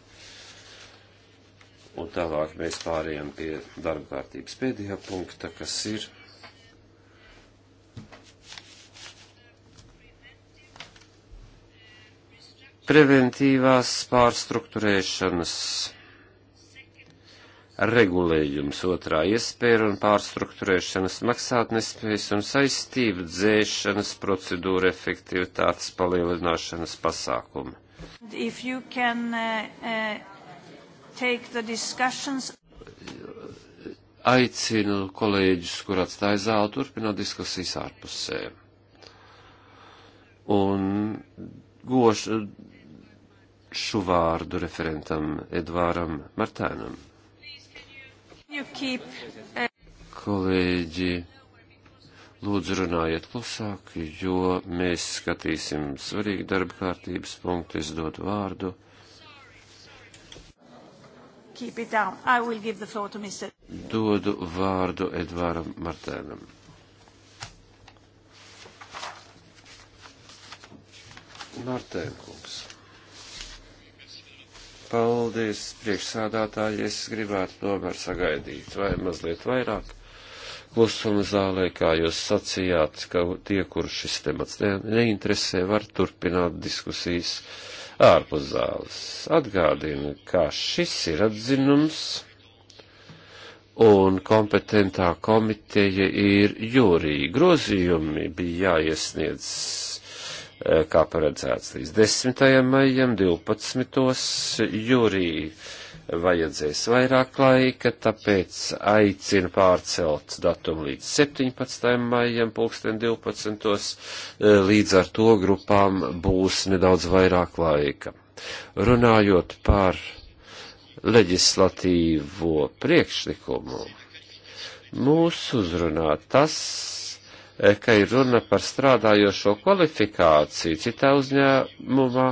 Un tālāk mēs pārējām pie darba kārtības pēdējā punkta, kas ir preventīvās pārstruktūrēšanas regulējums, otrā iespēja un pārstruktūrēšanas maksātnespējas un saistību dzēšanas procedūra efektivitātes palielināšanas pasākumi. Can, uh, uh Aicinu kolēģus, kur atstāja zāli, turpināt diskusijas ārpusē. Un goši došu vārdu referentam Edvāram Martēnam. Kolēģi, lūdzu runājiet klusāk, jo mēs skatīsim svarīgu darba kārtības punktu. Es dodu vārdu. Dodu vārdu Edvāram Martēnam. Martēnku. Paldies, priekšsādātāji. Es gribētu tomēr sagaidīt vai mazliet vairāk klusuma zālē, kā jūs sacījāt, ka tie, kur šis temats ne, neinteresē, var turpināt diskusijas ārpus zāles. Atgādinu, kā šis ir atzinums, un kompetentā komiteja ir jūrī. Grozījumi bija jāiesniedz Eh, kā paredzēts līdz 10. maijam, 12. jūrī vajadzēs vairāk laika, tāpēc aicinu pārcelt datumu līdz 17. maijam, pulksten 12. Eh, līdz ar to grupām būs nedaudz vairāk laika. Runājot par leģislatīvo priekšlikumu, mūs uzrunā tas, Eh, ka ir runa par strādājošo kvalifikāciju citā uzņēmumā,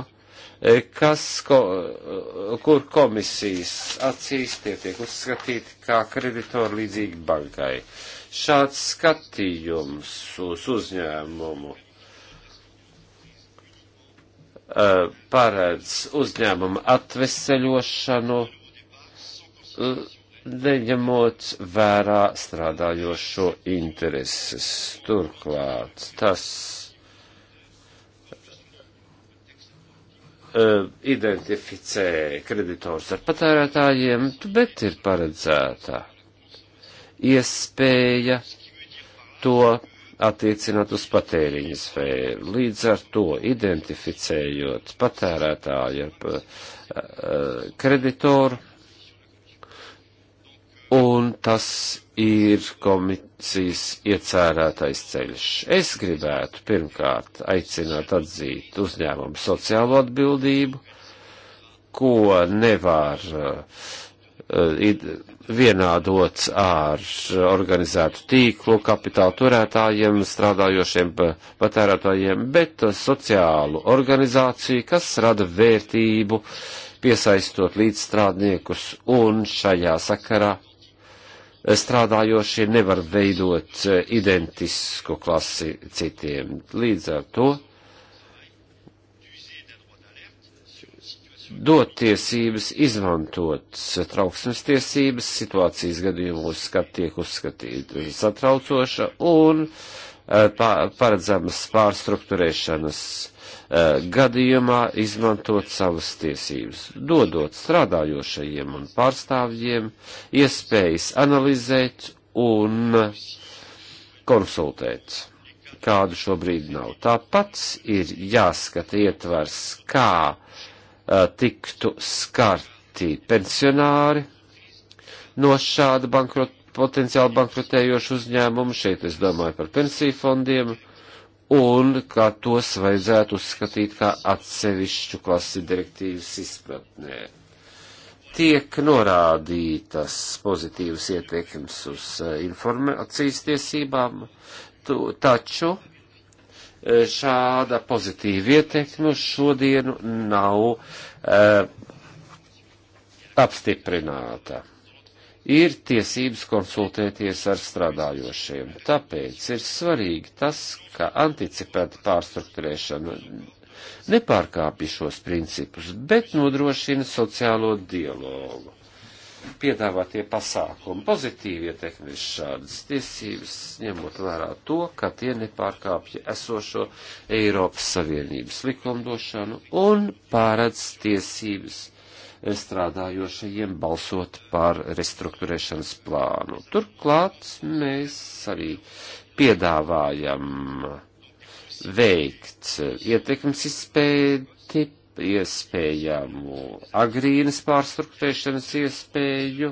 eh, kas, ko, eh, kur komisijas acīs tie tiek uzskatīti kā kreditori līdzīgi bankai. Šāds skatījums uz uzņēmumu paredz uzņēmuma atveseļošanu neņemot vērā strādājošo intereses. Turklāt tas uh, identificē kreditors ar patērētājiem, bet ir paredzēta iespēja to attiecināt uz patēriņa sfēru. Līdz ar to identificējot patērētāju ar e, uh, e, kreditoru, un tas ir komisijas iecērētais ceļš. Es gribētu pirmkārt aicināt atzīt uzņēmumu sociālo atbildību, ko nevar uh, eh, vienādot ar organizētu tīklu, kapitāla turētājiem, strādājošiem patērētājiem, bet sociālu organizāciju, kas rada vērtību, piesaistot līdzstrādniekus un šajā sakarā strādājošie nevar veidot eh, identisku klasi citiem. Līdz ar to dot tiesības, izmantot trauksmes tiesības situācijas gadījumos, kad tiek uzskatīta satraucoša un eh, paredzams pārstruktūrēšanas Eh, gadījumā izmantot savas tiesības, dodot strādājošajiem un pārstāvjiem iespējas analizēt un konsultēt, kādu šobrīd nav. Tāpat ir jāskata ietvers, kā eh, tiktu skarti pensionāri no šāda bankrot, potenciāli bankrotējoša uzņēmuma. Šeit es domāju par pensiju fondiem. Uh, un ka tos vajadzētu uzskatīt kā atsevišķu klasi direktīvas izpratnē. Tiek norādītas pozitīvas ietekmes uz eh, informācijas tiesībām, tu, taču eh, šāda pozitīva ietekme šodienu nav uh, apstiprināta ir tiesības konsultēties ar strādājošiem. Tāpēc ir svarīgi tas, ka anticipēta pārstruktūrēšana nepārkāpj šos principus, bet nodrošina sociālo dialogu. Piedāvātie pasākumi pozitīvi ietekmēs šādas tiesības, ņemot vērā to, ka tie nepārkāpja esošo Eiropas Savienības likumdošanu un pārēdz tiesības strādājošajiem balsot par restruktūrēšanas plānu. Turklāt mēs arī piedāvājam veikt ietekmes izpēti, iespējamu agrīnas pārstruktūrēšanas iespēju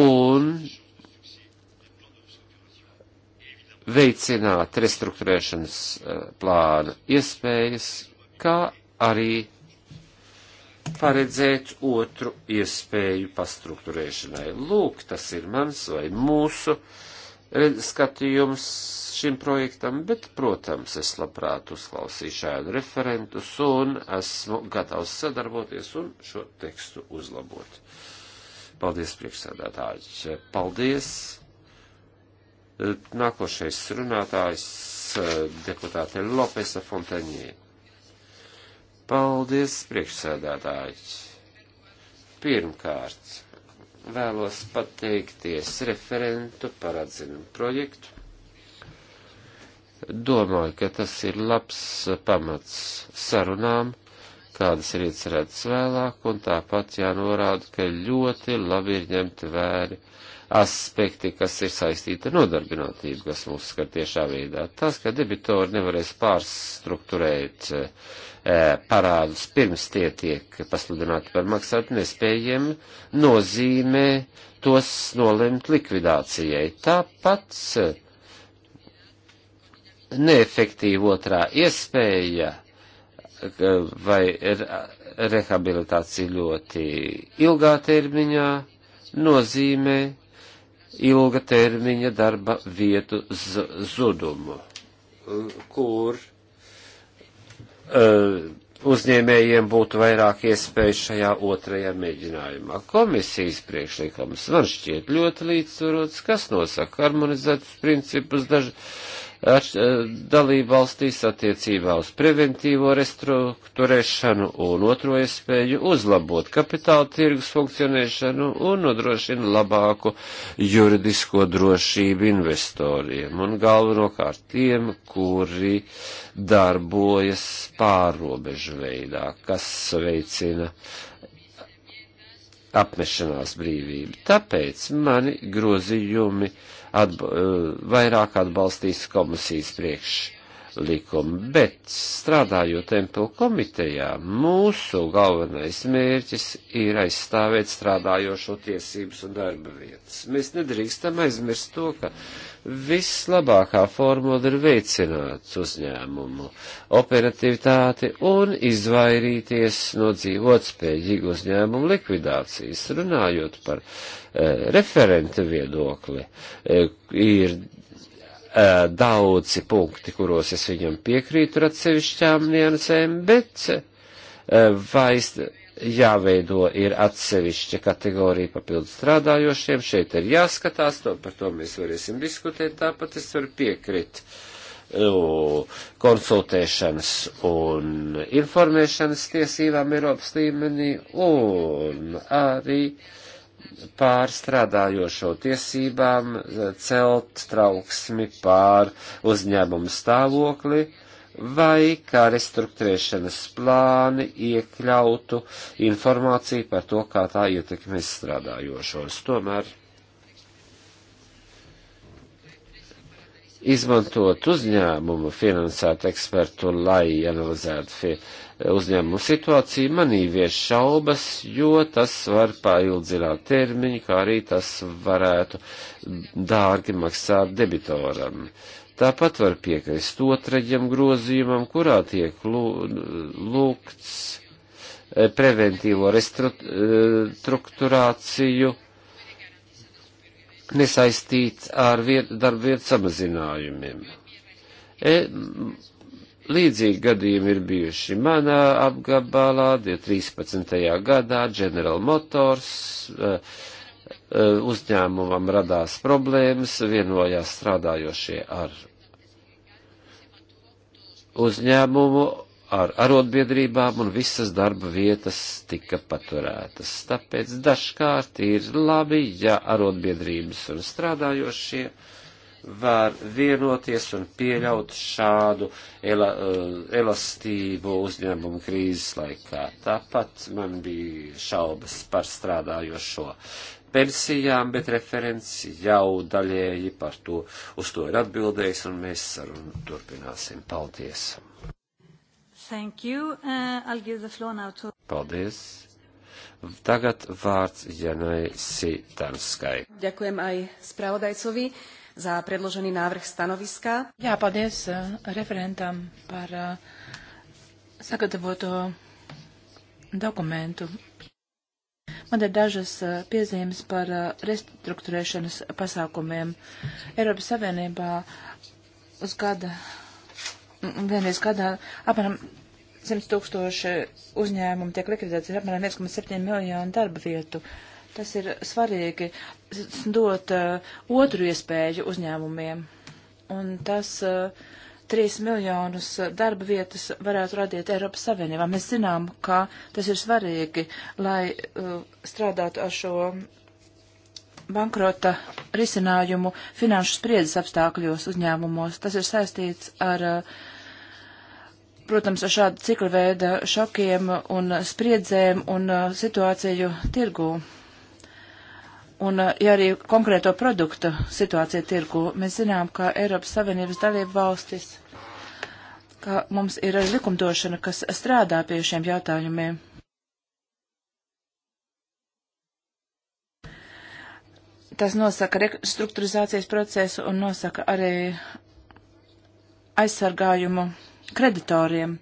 un veicināt restruktūrēšanas eh, plāna iespējas, kā arī paredzēt otru iespēju pastruktūrēšanai. Lūk, tas ir mans vai mūsu e, skatījums šim projektam, bet, protams, es labprāt uzklausīšu šādu referentus un esmu gatavs sadarboties un šo tekstu uzlabot. Paldies, priekšsēdētāji. Paldies. E, nākošais runātājs e, deputāte Lopesa Fontaņie. Paldies, priekšsēdētāji! Pirmkārt, vēlos pateikties referentu par atzinumu projektu. Domāju, ka tas ir labs pamats sarunām, kādas ir iecerētas vēlāk, un tāpat jānorāda, ka ļoti labi ir ņemti vēri aspekti, kas ir saistīti ar nodarbinātību, kas mūs skar tiešā veidā. Tas, ka debitori nevarēs pārstruktūrēt uh, Eh, parādus pirms tie tiek pasludināti par maksāt nespējiem, nozīmē tos nolemt likvidācijai. Tāpat eh, neefektīva otrā iespēja eh, vai rehabilitācija ļoti ilgā termiņā nozīmē ilga termiņa darba vietu zudumu, kur Eh, uzņēmējiem būtu vairāk iespēju šajā otrajā mēģinājumā. Komisijas priekšlikums man šķiet ļoti līdzsvarots, kas nosaka harmonizētus principus dažādiem ar eh, dalību valstīs attiecībā uz preventīvo restruktūrēšanu un otro iespēju uzlabot kapitāla tirgus funkcionēšanu un nodrošina labāku juridisko drošību investoriem un galvenokārt tiem, kuri darbojas pārobežu veidā, kas veicina apmešanās brīvību. Tāpēc mani grozījumi uh, atba eh, vairāk atbalstīs komisijas priekšlikumu, bet strādājot MPL komitejā, mūsu galvenais mērķis ir aizstāvēt strādājošo tiesības un darba vietas. Mēs nedrīkstam aizmirst to, ka vislabākā formula ir veicināt uzņēmumu operativitāti un izvairīties no dzīvotspējīgu uzņēmumu likvidācijas. Runājot par e, referenta viedokli, e, ir e, daudzi punkti, kuros es viņam piekrītu ar atsevišķām niansēm, bet e, vai jāveido ir atsevišķa kategorija papildus strādājošiem, šeit ir jāskatās, to par to mēs varēsim diskutēt, tāpat es varu piekrīt konsultēšanas un informēšanas tiesībām Eiropas līmenī un arī pārstrādājošo tiesībām celt trauksmi pār uzņēmumu stāvokli. Uh, vai kā restruktūrēšanas plāni iekļautu informāciju par to, kā tā ietekmēs strādājošos. Tomēr izmantot uzņēmumu finansētu ekspertu, lai analizētu fi uzņēmumu situāciju, manī vieš šaubas, jo tas var paildzināt termiņu, kā arī tas varētu dārgi maksāt debitoram. Uh, Tāpat var piekrist otrajam grozījumam, kurā tiek lūgts eh, preventīvo restruktūrāciju eh, nesaistīts ar viet, darba vietu samazinājumiem. E, līdzīgi gadījumi ir bijuši manā apgabalā, 13. gadā General Motors e, uzņēmumam radās problēmas, vienojās strādājošie ar uzņēmumu ar arotbiedrībām un visas darba vietas tika paturētas. Tāpēc dažkārt ir labi, ja arotbiedrības un strādājošie var vienoties un pieļaut šādu ela, eh, elastību uzņēmumu krīzes laikā. Tāpat man bija šaubas par strādājošo pensijām, bet referents jau daļēji par to uz to ir atbildējis, un mēs sarunu turpināsim. Paldies! Thank you. Uh, I'll give the floor now to... Paldies! Tagad vārds Janai Sitanskai. Ďakujem aj spravodajcovi za predložený návrh stanoviska. Jā, paldies uh, referentam par uh, sagatavoto dokumentu. Man ir dažas piezīmes par restruktūrēšanas pasākumiem. Eiropas Savienībā uz gada, vienreiz gadā, apmēram 100 tūkstoši uzņēmumu tiek likvidēts, ir apmēram 1,7 miljonu darba vietu. Tas ir svarīgi dot uh, otru iespēju uzņēmumiem. Un tas uh, 3 miljonus eh, darba vietas varētu radīt Eiropas Savienībā. Mēs zinām, ka tas ir svarīgi, lai uh, strādātu ar šo bankrota risinājumu finanšu spriedzes apstākļos uzņēmumos. Tas ir saistīts ar, uh, protams, ar šādu ciklu veidu šokiem un spriedzēm un uh, situāciju tirgū. Un, eh, ja arī konkrēto produktu situācija tirgu, mēs zinām, ka Eiropas Savienības dalība valstis, ka mums ir arī likumdošana, kas strādā pie šiem jautājumiem. Tas nosaka restruktūrizācijas procesu un nosaka arī aizsargājumu kreditoriem.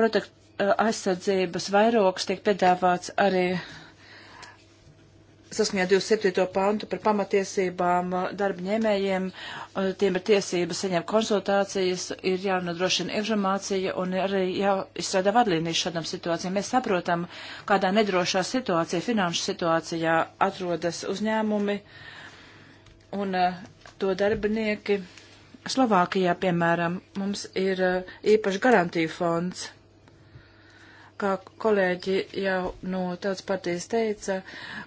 Protekt, eh, aizsardzības vairogs tiek piedāvāts arī saskaņā 27. pantu par pamatiesībām uh, darba ņēmējiem, uh, tiem ir tiesības saņemt konsultācijas, ir jānodrošina informācija un arī jāizstrādā vadlīnijas šādām situācijām. Mēs saprotam, kādā nedrošā situācijā, finanšu situācijā atrodas uzņēmumi un uh, to darbinieki. Slovākijā, piemēram, mums ir īpaši garantija fonds kā kolēģi jau no tautas partijas teica,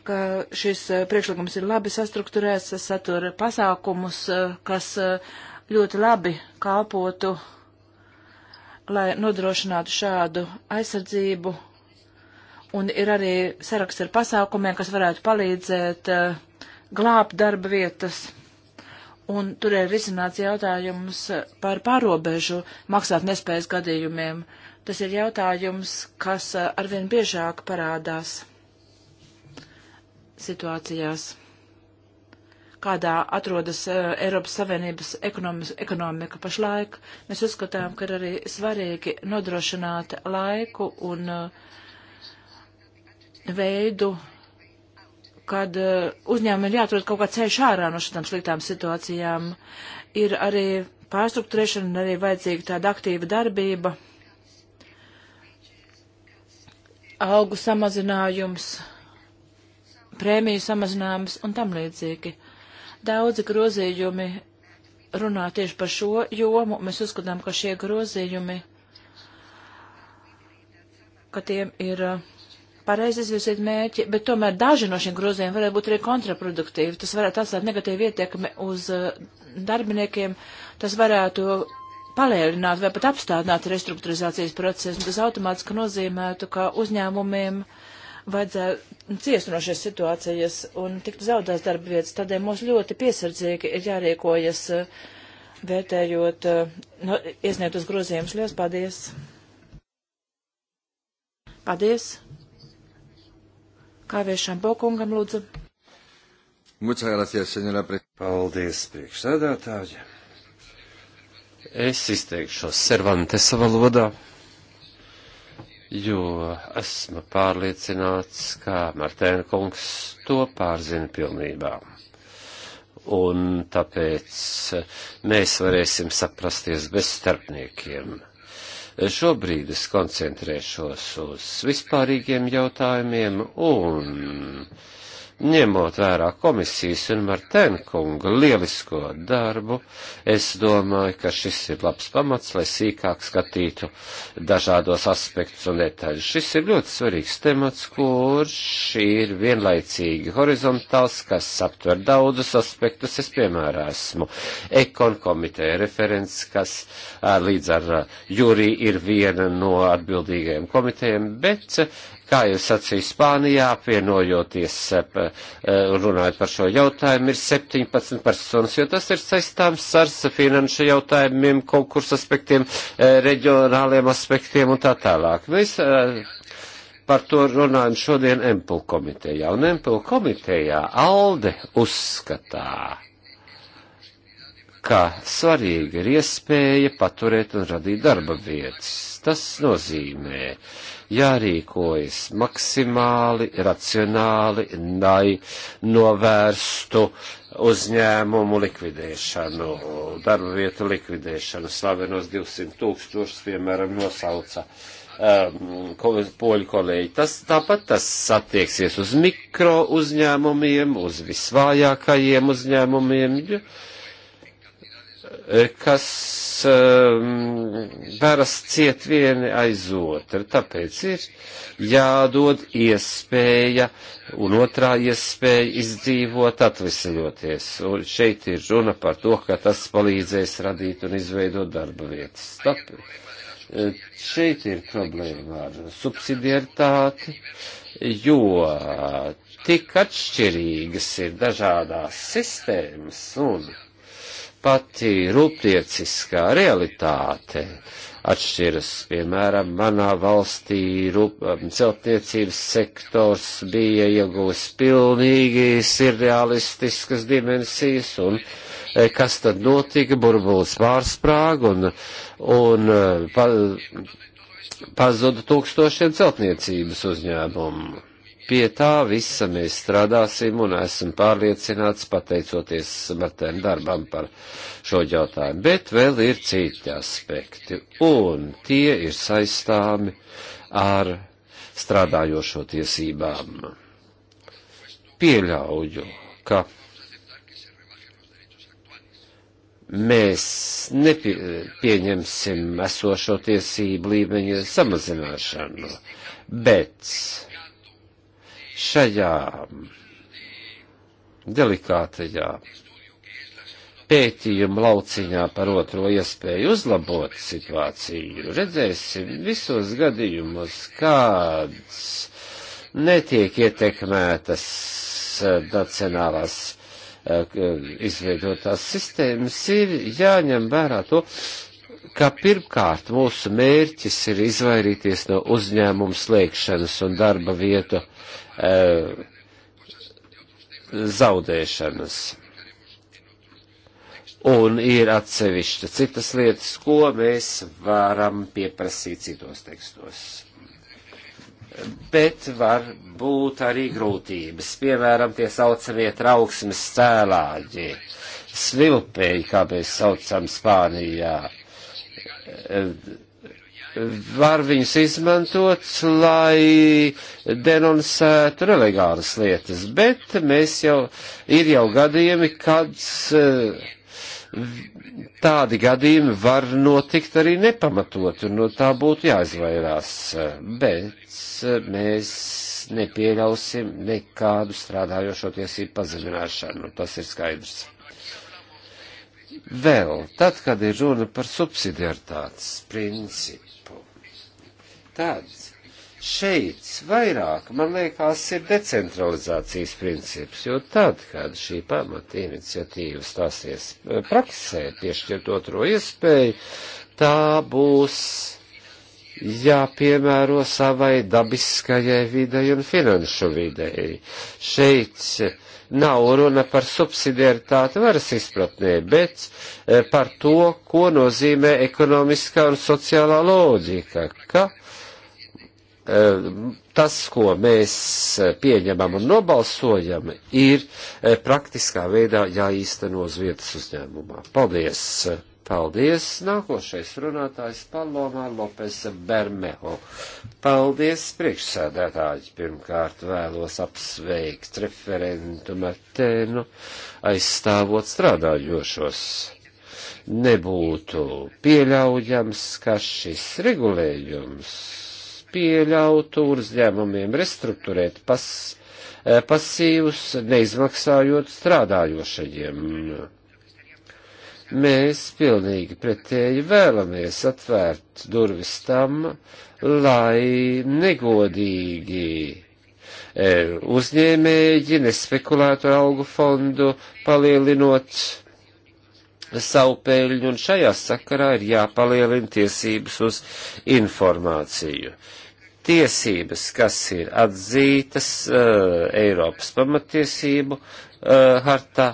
ka šis eh, priekšlikums ir labi sastruktūrēts, satura pasākumus, eh, kas eh, ļoti labi kalpotu, lai nodrošinātu šādu aizsardzību. Un ir arī saraksts ar pasākumiem, kas varētu palīdzēt glābt darba vietas. Un tur ir risināts jautājums par pārobežu maksāt nespējas gadījumiem. Uh, Tas ir jautājums, kas eh, arvien biežāk parādās situācijās, kādā atrodas uh, Eiropas Savienības ekonomis, ekonomika pašlaik. Mēs uzskatām, ka ir arī svarīgi nodrošināt laiku un uh, veidu, kad uh, uzņēmumi ir jāatrod kaut kā ceļš ārā no šitām sliktām situācijām. Ir arī pārstruktūrēšana, arī vajadzīga tāda aktīva darbība augu samazinājums, prēmiju samazinājums un tam līdzīgi. Daudzi grozījumi runā tieši par šo jomu. Mēs uzskatām, ka šie grozījumi, ka tiem ir uh, pareizi izvirzīt mērķi, bet tomēr daži no šiem grozījumiem varētu būt arī kontraproduktīvi. Tas varētu atstāt negatīvu ietekmi uz uh, darbiniekiem, tas varētu palēlināt vai pat apstādināt restruktūrizācijas procesu, tas automātiski nozīmētu, ka uzņēmumiem vajadzētu ciest no šīs situācijas un tikt zaudēts darba vietas. Tādēļ mums ļoti piesardzīgi ir jārīkojas, eh, vērtējot, eh, no, iesniegt uz grozījumus. Lielas paldies! Paldies! Kā viešām Bokungam lūdzu. Muchas gracias, señora Paldies, priekšsēdētāji! Es izteikšos servantesa valodā, jo esmu pārliecināts, ka Martēna kungs to pārzina pilnībā. Un tāpēc mēs varēsim saprasties bez starpniekiem. Šobrīd es koncentrēšos uz vispārīgiem jautājumiem un uh, ņemot vērā komisijas un Martenkunga lielisko darbu, es domāju, ka šis ir labs pamats, lai sīkāk skatītu dažādos aspektus un detaļus. Šis ir ļoti svarīgs temats, kurš ir vienlaicīgi horizontāls, kas aptver daudzus aspektus. Es, piemēram, esmu ekon komiteja referents, kas līdz ar jūrī ir viena no atbildīgajiem komitejiem, bet kā jau sacīju, Spānijā apvienojoties Eh, runājot par šo jautājumu, ir 17 personas, jo tas ir saistāms ar finanšu jautājumiem, konkursu aspektiem, eh, reģionāliem aspektiem un tā tālāk. Mēs eh, par to runājam šodien Empul komitejā, un Empul komitejā Alde uzskatā ka svarīga ir iespēja paturēt un radīt darba vietas. Tas nozīmē jārīkojas maksimāli, racionāli, lai novērstu uzņēmumu likvidēšanu, darba vietu likvidēšanu. Slavenos 200 tūkstošus, piemēram, nosauca um, poļu kolēģi. Tas, tāpat tas attieksies uz mikro uzņēmumiem, uz visvājākajiem uzņēmumiem. Jo, kas ehm, varas um, ciet vieni aiz otru. Tāpēc ir jādod iespēja un otrā iespēja izdzīvot, atvesaļoties. Un šeit ir runa par to, ka tas palīdzēs radīt un izveidot darba vietas. Tāpēc, šeit ir problēma ar subsidiaritāti, jo tik atšķirīgas ir dažādās sistēmas un pati rūpnieciskā realitāte atšķiras. Piemēram, manā valstī rūp, um, celtniecības sektors bija iegūs pilnīgi sirrealistiskas dimensijas, un eh, kas tad notika, burbulis pārsprāga, un, un eh, pa, pazuda tūkstošiem celtniecības uzņēmumu. Pie tā visa mēs strādāsim un esam pārliecināts pateicoties Martēna darbam par šo jautājumu. Bet vēl ir citi aspekti, un tie ir saistāmi ar strādājošo tiesībām. Pieļauju, ka mēs nepieņemsim esošo tiesību līmeņa samazināšanu, bet šajā delikātajā pētījuma lauciņā par otro iespēju uzlabot situāciju. Redzēsim visos gadījumos, kāds netiek ietekmētas nacionālās eh, izveidotās sistēmas, ir jāņem vērā to, ka pirmkārt mūsu mērķis ir izvairīties no uzņēmumu slēgšanas un darba vietu uh, Eh, zaudēšanas. Un ir atsevišķa citas lietas, ko mēs varam pieprasīt citos tekstos. Bet var būt arī grūtības, piemēram, tie saucamie trauksmes cēlāģi, svilpēji, kā mēs saucam Spānijā. E, var viņus izmantot, lai denonsētu nelegālas lietas, bet mēs jau, ir jau gadījumi, kad eh, tādi gadījumi var notikt arī nepamatot, un no tā būtu jāizvairās. Bet eh, mēs nepieļausim nekādu strādājošo tiesību pazemināšanu, tas ir skaidrs. Vēl tad, kad ir runa par subsidiaritātes principu Tad šeit vairāk, man liekas, ir decentralizācijas princips, jo tad, kad šī pamata iniciatīva stāsies eh, praksē, piešķirt otro iespēju, tā būs jāpiemēro savai dabiskajai videi un finanšu videi. Šeit nav runa par subsidiaritāti varas izpratnē, bet eh, par to, ko nozīmē ekonomiskā un sociālā loģika, ka Eh, tas, ko mēs eh, pieņemam un nobalsojam, ir eh, praktiskā veidā jāīsteno uz vietas uzņēmumā. Paldies! Paldies! Nākošais runātājs Palomā Lopesa Bermeho. Paldies, priekšsēdētāji! Pirmkārt vēlos apsveikt referentu Martēnu, aizstāvot strādājošos nebūtu pieļaujams, ka šis regulējums pieļautu uzņēmumiem restruktūrēt pas, eh, pasīvus, neizmaksājot strādājošajiem. Mēs pilnīgi pretēji vēlamies atvērt durvis tam, lai negodīgi eh, uzņēmēji nespekulētu algu fondu, palielinot savu peļņu, un šajā sakarā ir jāpalielina tiesības uz informāciju. Uh, tiesības, kas ir atzītas uh, Eiropas pamatiesību uh, hartā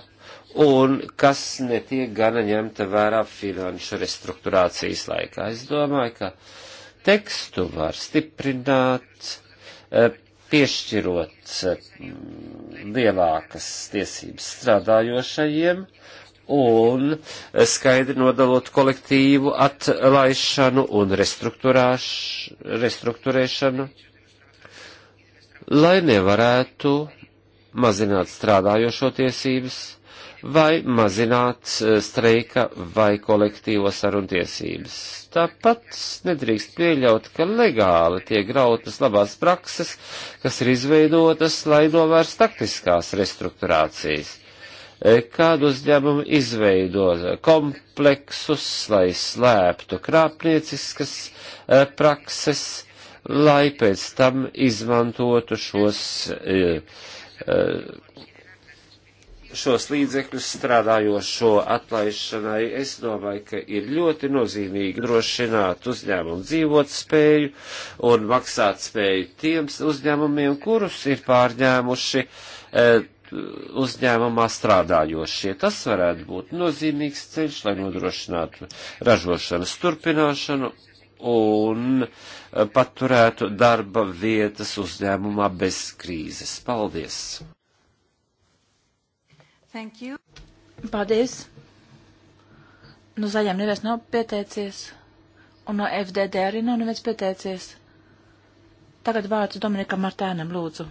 un kas netiek gana ņemta vērā finanšu restruktūrācijas laikā. Es domāju, ka tekstu var stiprināt, uh, piešķirot uh, lielākas tiesības strādājošajiem un skaidri nodalot kolektīvu atlaišanu un restruktūrēšanu, lai nevarētu mazināt strādājošo tiesības vai mazināt eh, streika vai kolektīvo sarunu tiesības. Tāpat nedrīkst pieļaut, ka legāli tiek grautas labās prakses, kas ir izveidotas, lai novērst taktiskās restruktūrācijas kādu uzņēmumu izveido kompleksus, lai slēptu krāpnieciskas eh, prakses, lai pēc tam izmantotu šos, eh, eh, šos līdzekļus strādājošo atlaišanai. Es domāju, ka ir ļoti nozīmīgi drošināt uzņēmumu dzīvot spēju un maksāt spēju tiem uzņēmumiem, kurus ir pārņēmuši uzņēmumā strādājošie. Tas varētu būt nozīmīgs ceļš, lai nodrošinātu ražošanas turpināšanu un e, paturētu darba vietas uzņēmumā bez krīzes. Paldies! Thank you. Paldies! No nu, zaļiem neviens nav pieteicies, un no FDD arī nav neviens pieteicies. Tagad vārds Dominikam Martēnam lūdzu.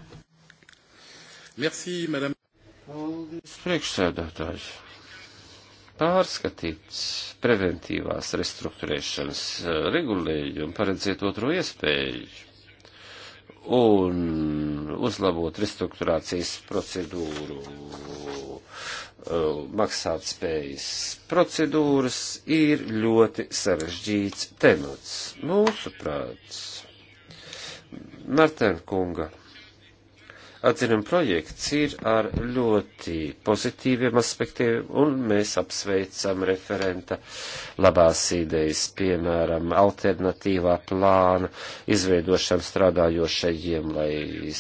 Merci, madame. Paldies, priekšsēdētājs. Pārskatīts preventīvās restruktūrēšanas eh, regulējumu, paredzēt otro iespēju un uzlabot restruktūrācijas procedūru eh, maksātspējas procedūras ir ļoti sarežģīts temats. Mūsuprāt, Martēna kunga Atzinuma projekts ir ar ļoti pozitīviem aspektiem, un mēs apsveicam referenta labās idejas, piemēram, alternatīvā plāna izveidošanu strādājošajiem, lai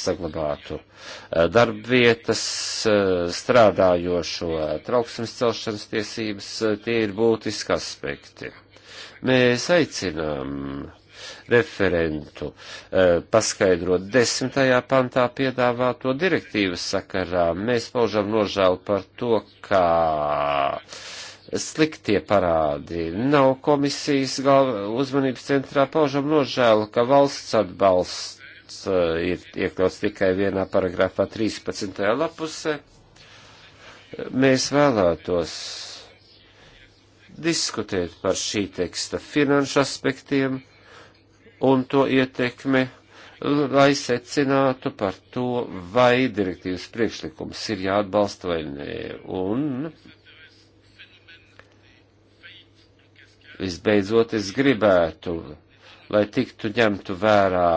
saglabātu eh, darbvietas, eh, strādājošo trauksmes celšanas tiesības, eh, tie ir būtiski aspekti. Mēs aicinām referentu eh, paskaidrot desmitajā pantā piedāvāto direktīvas sakarā. Mēs paužam nožēlu par to, kā sliktie parādi nav komisijas uzmanības centrā, paužam nožēlu, ka valsts atbalsts eh, ir iekļauts tikai vienā paragrāfā 13. lapusē. Mēs vēlētos diskutēt par šī teksta finanšu aspektiem, un to ietekme, lai secinātu par to, vai direktīvas priekšlikums ir jāatbalsta vai nē. Un visbeidzot es gribētu, lai tiktu ņemtu vērā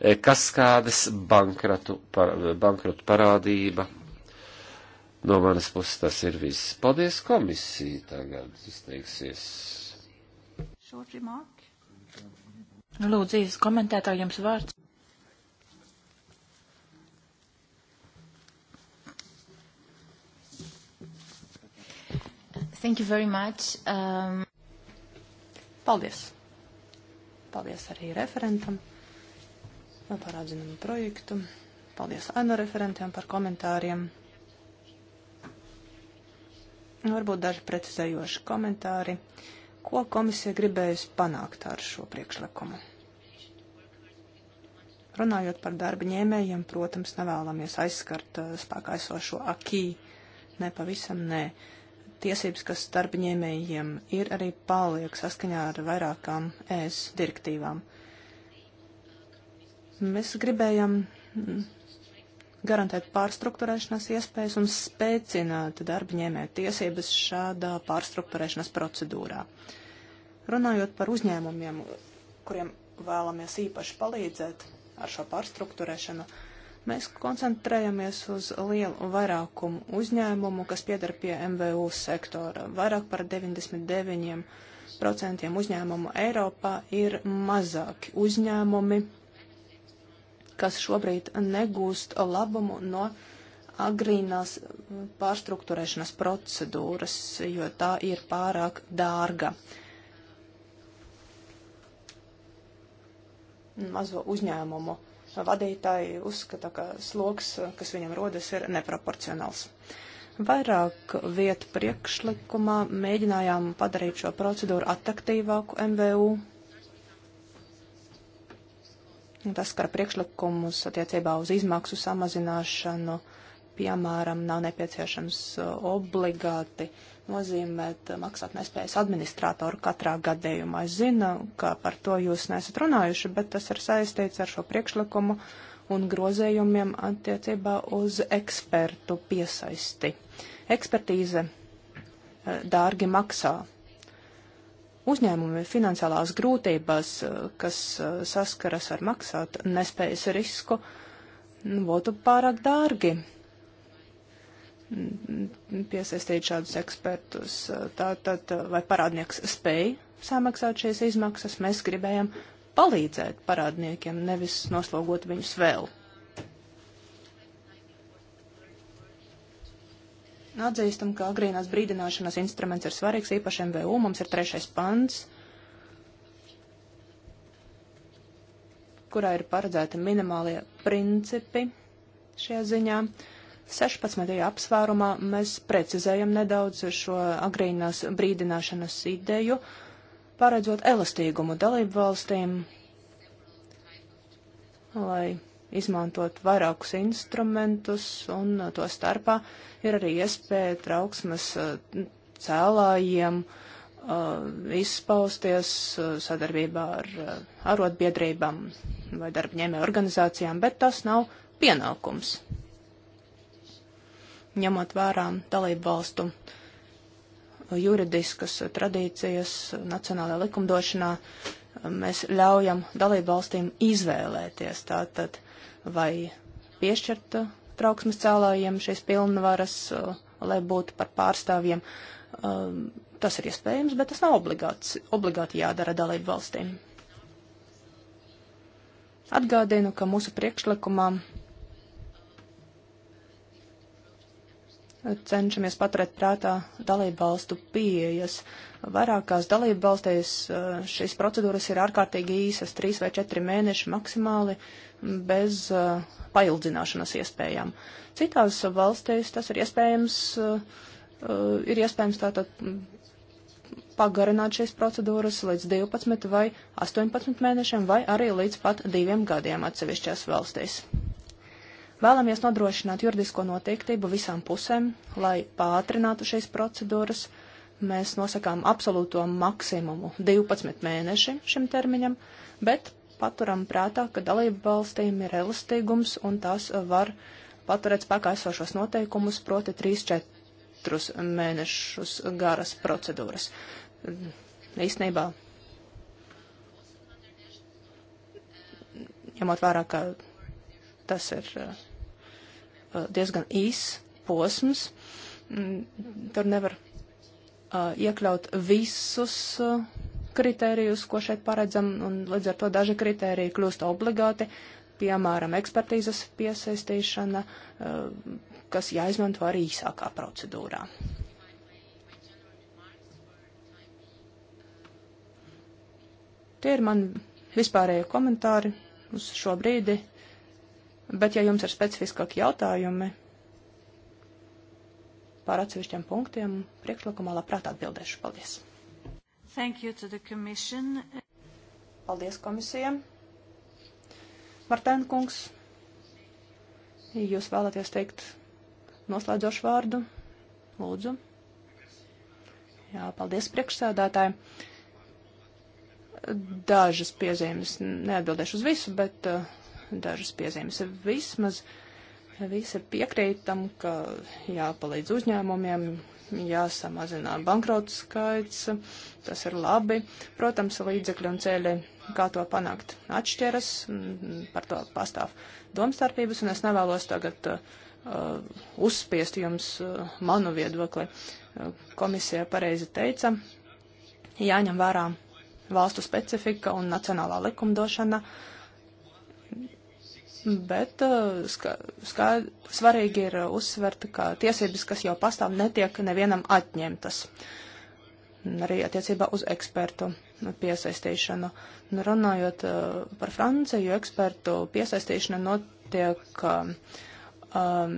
e, kaskādes bankratu, par, bankratu parādība. No manas puses tas ir viss. Paldies komisija tagad izteiksies. Short remark. Nu, lūdzu, īsi komentētāji jums vārds. Thank you very much. Um... Paldies. Paldies arī referentam par atzinumu projektu. Paldies ANO referentiem par komentāriem. Varbūt daži precizējoši komentāri. Uh, ko komisija gribējusi panākt ar šo priekšlikumu. Runājot par darba ņēmējiem, protams, nevēlamies aizskart eh, spēkā esošo akī. Ne pavisam nē. Tiesības, kas darba ņēmējiem ir, arī paliek saskaņā ar vairākām ES direktīvām. Mēs gribējam mm, garantēt pārstruktūrēšanās iespējas un spēcināt darba ņēmēju tiesības šādā pārstruktūrēšanās procedūrā. Runājot par uzņēmumiem, kuriem vēlamies īpaši palīdzēt ar šo pārstruktūrēšanu, mēs koncentrējamies uz lielu vairākumu uzņēmumu, kas piedara pie MVU sektora. Vairāk par 99% uzņēmumu Eiropā ir mazāki uzņēmumi kas šobrīd negūst labumu no agrīnās pārstruktūrēšanas procedūras, jo tā ir pārāk dārga. Mazo uzņēmumu vadītāji uzskata, ka sloks, kas viņam rodas, ir neproporcionāls. Vairāk vietu priekšlikumā mēģinājām padarīt šo procedūru atraktīvāku MVU Nu, tas skar priekšlikumus attiecībā uz izmaksu samazināšanu. Piemēram, nav nepieciešams uh, obligāti nozīmēt uh, maksātnespējas administratoru katrā gadījumā. Es zinu, ka par to jūs nesat runājuši, bet tas ir saistīts ar šo priekšlikumu un grozējumiem attiecībā uz ekspertu piesaisti. Ekspertīze uh, dārgi maksā uzņēmumi finansiālās grūtības, eh, kas eh, saskaras ar maksāt nespējas risku, nu, būtu pārāk dārgi mm, piesaistīt šādus ekspertus. Eh, Tātad, vai parādnieks spēja samaksāt šīs izmaksas, mēs gribējam palīdzēt parādniekiem, nevis noslogot viņus vēl. Atzīstam, ka agrīnās brīdināšanas instruments ir svarīgs īpaši MVU. Mums ir trešais pants, kurā ir paredzēti minimālie principi šajā ziņā. 16. apsvērumā mēs precizējam nedaudz šo agrīnās brīdināšanas ideju, paredzot elastīgumu dalību valstīm, lai izmantot vairākus instrumentus, un uh, to starpā ir arī iespēja trauksmes uh, cēlājiem uh, izpausties sadarbībā ar arotbiedrībām vai darbņēmē organizācijām, bet tas nav pienākums. Ņemot vērā dalību valstu juridiskas tradīcijas nacionālajā likumdošanā, mēs ļaujam dalību valstīm izvēlēties. Tātad vai piešķirt uh, trauksmes cēlājiem šīs pilnvaras, uh, lai būtu par pārstāvjiem. Um, tas ir iespējams, bet tas nav obligāts, obligāti jādara dalību valstīm. Atgādinu, ka mūsu priekšlikumā cenšamies paturēt prātā dalību valstu pieejas. Vairākās dalību valstīs uh, šīs procedūras ir ārkārtīgi īsas, trīs vai četri mēneši maksimāli. Uh, bez uh, paildzināšanas iespējām. Citās valstīs tas ir iespējams, uh, uh ir iespējams tātad pagarināt šīs procedūras līdz 12 vai 18 mēnešiem vai arī līdz pat diviem gadiem atsevišķās valstīs. Vēlamies nodrošināt juridisko noteiktību visām pusēm, lai pātrinātu šīs procedūras. Mēs nosakām absolūto maksimumu 12 mēneši šim termiņam, bet paturam prātā, ka dalību valstīm ir elastīgums un tās var paturēt spēkā esošos noteikumus, proti 3-4 mēnešus garas procedūras. Īstenībā, ņemot vērā, ka tas ir uh, diezgan īss posms, mm, tur nevar uh, iekļaut visus uh, kritērijus, ko šeit paredzam, un līdz ar to daži kritēriji kļūst obligāti, piemēram, ekspertīzes piesaistīšana, eh, kas jāizmanto arī īsākā procedūrā. Tie ir mani vispārējie komentāri uz šo brīdi, bet ja jums ir specifiskāki jautājumi par atsevišķiem punktiem, priekšlikumā labprāt atbildēšu. Paldies! Thank you to the commission. Paldies komisijam. Martēna kungs, jūs vēlaties teikt noslēdzošu vārdu? Lūdzu. Jā, paldies priekšsēdētāji. Dažas piezīmes, neatbildēšu uz visu, bet uh, dažas piezīmes. Vismaz visi piekrītam, ka jāpalīdz uzņēmumiem, jāsamazina bankrotu skaits, tas ir labi. Protams, līdzekļi un ceļi, kā to panākt, atšķiras, mm, par to pastāv domstarpības, un es nevēlos tagad uh, uzspiest jums uh, manu viedokli. Uh, komisija pareizi teica, jāņem vērā valstu specifika un nacionālā likumdošana. Uh, bet uh, ska, ska, svarīgi ir uh, uzsvert, ka tiesības, kas jau pastāv, netiek nevienam atņemtas. Arī attiecībā uz ekspertu piesaistīšanu. Nu, runājot uh, par Franciju, ekspertu piesaistīšana notiek um, um,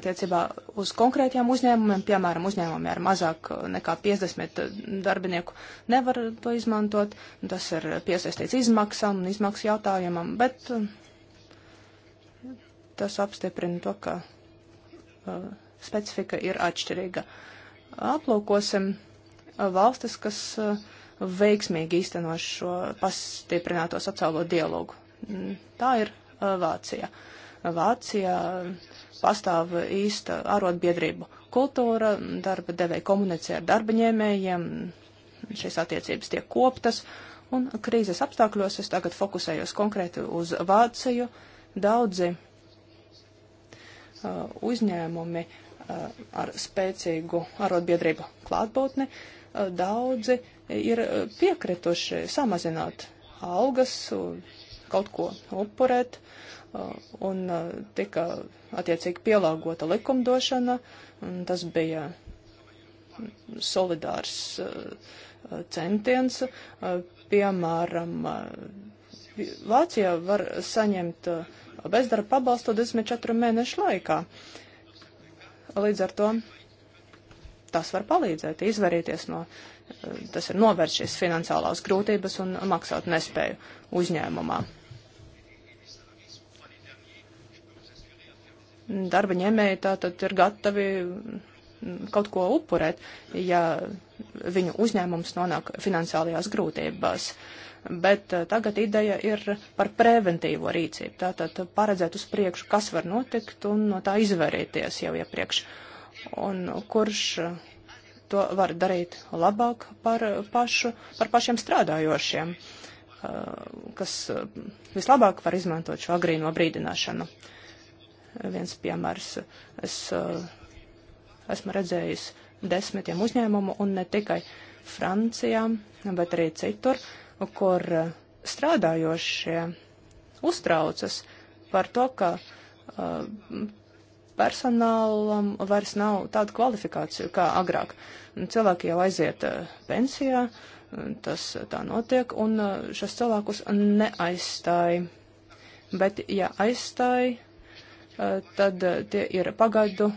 attiecībā uz konkrētiem uzņēmumiem, piemēram, uzņēmumi ar mazāk nekā 50 darbinieku nevar to izmantot. Tas ir piesaistīts izmaksām un izmaksu jautājumam, bet tas apstiprina to, ka uh, specifika ir atšķirīga. Aplūkosim uh, valstis, kas uh, veiksmīgi īsteno šo pastiprināto sociālo dialogu. Mm, tā ir uh, Vācija. Vācijā pastāv īsta arotbiedrību kultūra, darba devēja komunicē ar darba ņēmējiem, šīs attiecības tiek koptas, un krīzes apstākļos es tagad fokusējos konkrēti uz Vāciju. Daudzi uh, Uh, uzņēmumi uh, ar spēcīgu arotbiedrību klātbūtni, uh, daudzi ir piekrituši samazināt algas, kaut ko upurēt, un tika attiecīgi pielāgota likumdošana, un tas bija solidārs centiens, piemēram, Vācijā var saņemt uh, bezdarba pabalstu 24 mēnešu laikā. Līdz ar to tas var palīdzēt izvairīties no, uh, tas ir novērst šīs finansiālās grūtības un maksāt nespēju uzņēmumā. Darba ņēmēji tātad ir gatavi mm, kaut ko upurēt, ja viņu uzņēmums nonāk finansiālajās grūtībās. Uh, bet eh, tagad ideja ir par preventīvo rīcību. Tātad paredzēt uz priekšu, kas var notikt un no tā izvairīties jau iepriekš. Un kurš eh, to var darīt labāk par, pašu, par pašiem strādājošiem, eh, kas vislabāk var izmantot šo agrīno brīdināšanu. Viens piemērs. Es esmu redzējis desmitiem uzņēmumu un ne tikai Francijā, bet arī citur, uh, kur eh, strādājošie uztraucas par to, ka uh, personālam vairs nav tādu kvalifikāciju kā agrāk. Cilvēki jau aiziet uh, pensijā, tas tā notiek, un uh, šos cilvēkus neaizstāja. Bet, ja aizstāja, tad tie ir pagaidu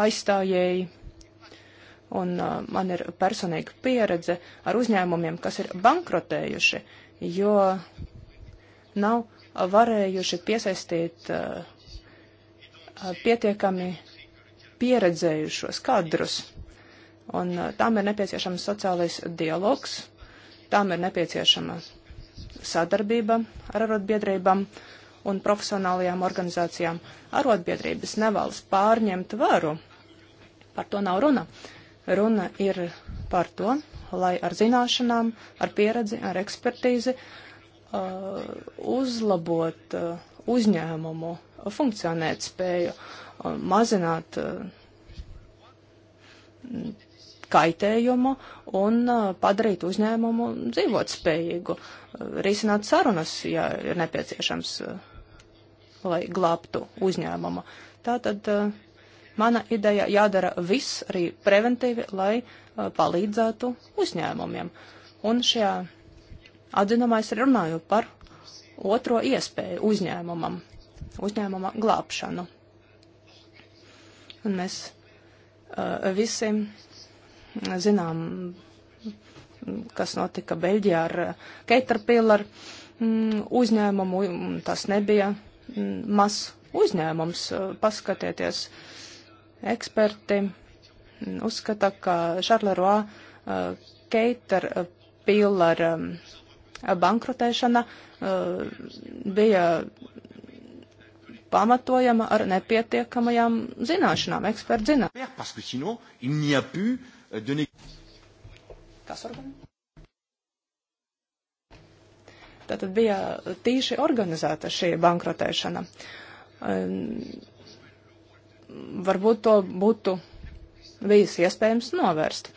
aizstājēji Un uh, man ir personīga pieredze ar uzņēmumiem, kas ir bankrotējuši, jo nav varējuši piesaistīt uh, pietiekami pieredzējušos kadrus. Un uh, tām ir nepieciešams sociālais dialogs, tām ir nepieciešama sadarbība ar arotbiedrībām un profesionālajām organizācijām. Arotbiedrības nevēlas pārņemt varu, par to nav runa, Runa ir par to, lai ar zināšanām, ar pieredzi, ar ekspertīzi uh, uzlabot uh, uzņēmumu funkcionēt spēju, uh, mazināt uh, kaitējumu un uh, padarīt uzņēmumu dzīvot spējīgu, uh, risināt sarunas, ja ir nepieciešams, lai glābtu uzņēmumu. Tātad uh, Mana ideja jādara viss arī preventīvi, lai uh, palīdzētu uzņēmumiem. Un šajā atzinumā es runāju par otro iespēju uzņēmumam, uzņēmuma glābšanu. Un mēs uh, visi zinām, kas notika Beļģijā ar uh, Caterpillar mm, uzņēmumu. Tas nebija mm, mazs uzņēmums. Uh, paskatieties, eksperti uzskata, ka Šarleroa Keiter Pillara bankrotēšana eh, bija pamatojama ar nepietiekamajām zināšanām, ekspertu zināšanām. Euh, Kas organ? Tātad bija tīši organizēta šī bankrotēšana varbūt to būtu bijis iespējams novērst.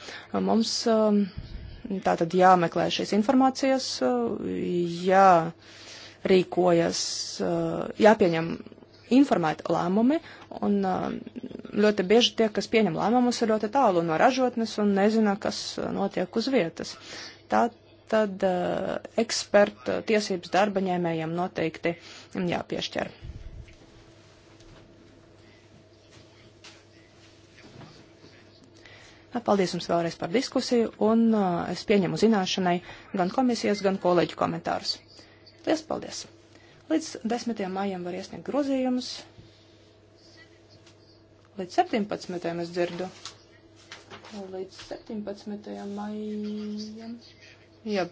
Mums um, tātad jāmeklē šīs informācijas, uh, jārīkojas, uh, jāpieņem informēti lēmumi, un uh, ļoti bieži tie, kas pieņem lēmumus, ir ļoti tālu no ražotnes un nezina, kas notiek uz vietas. Tā tad eksperta tiesības darba ņēmējiem noteikti jāpiešķer. Paldies jums vēlreiz par diskusiju, un uh, es pieņemu zināšanai gan komisijas, gan kolēģu komentārus. Lielas paldies! Līdz 10. maijam var iesniegt grozījumus. Līdz 17. es dzirdu. Līdz 17. maijam. Jā,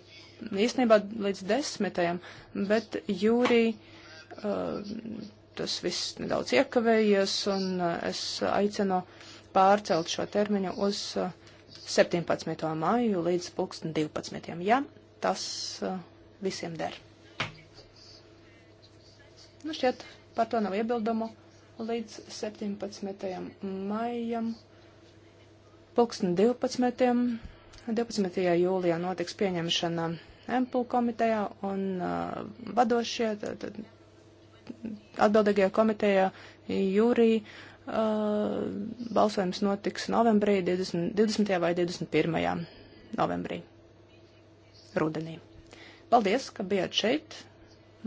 īstenībā līdz 10. Bet jūrī uh, tas viss nedaudz iekavējies, un uh, es aicinu pārcelt šo termiņu uz 17. Uh, māju līdz 2012. ja tas uh, visiem der. Nu, šķiet, par to nav iebildumu līdz 17. maijam. Pulksten 12. 12. jūlijā notiks pieņemšana MPL komitejā un uh, vadošie, tad, tad atbildīgajā komitejā jūrī Uh, balsojums notiks novembrī, 20, 20. vai 21. novembrī, rudenī. Paldies, ka bijāt šeit.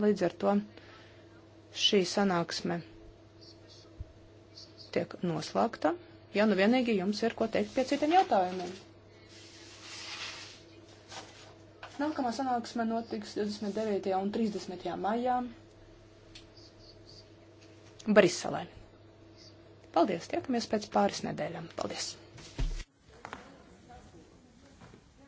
Līdz ar to šī sanāksme tiek noslēgta, ja nu vienīgi jums ir ko teikt pie citiem jautājumiem. Nākamā sanāksme notiks 29. un 30. maijā Briselē. Paldies, tiekamies pēc pāris nedēļām. Paldies!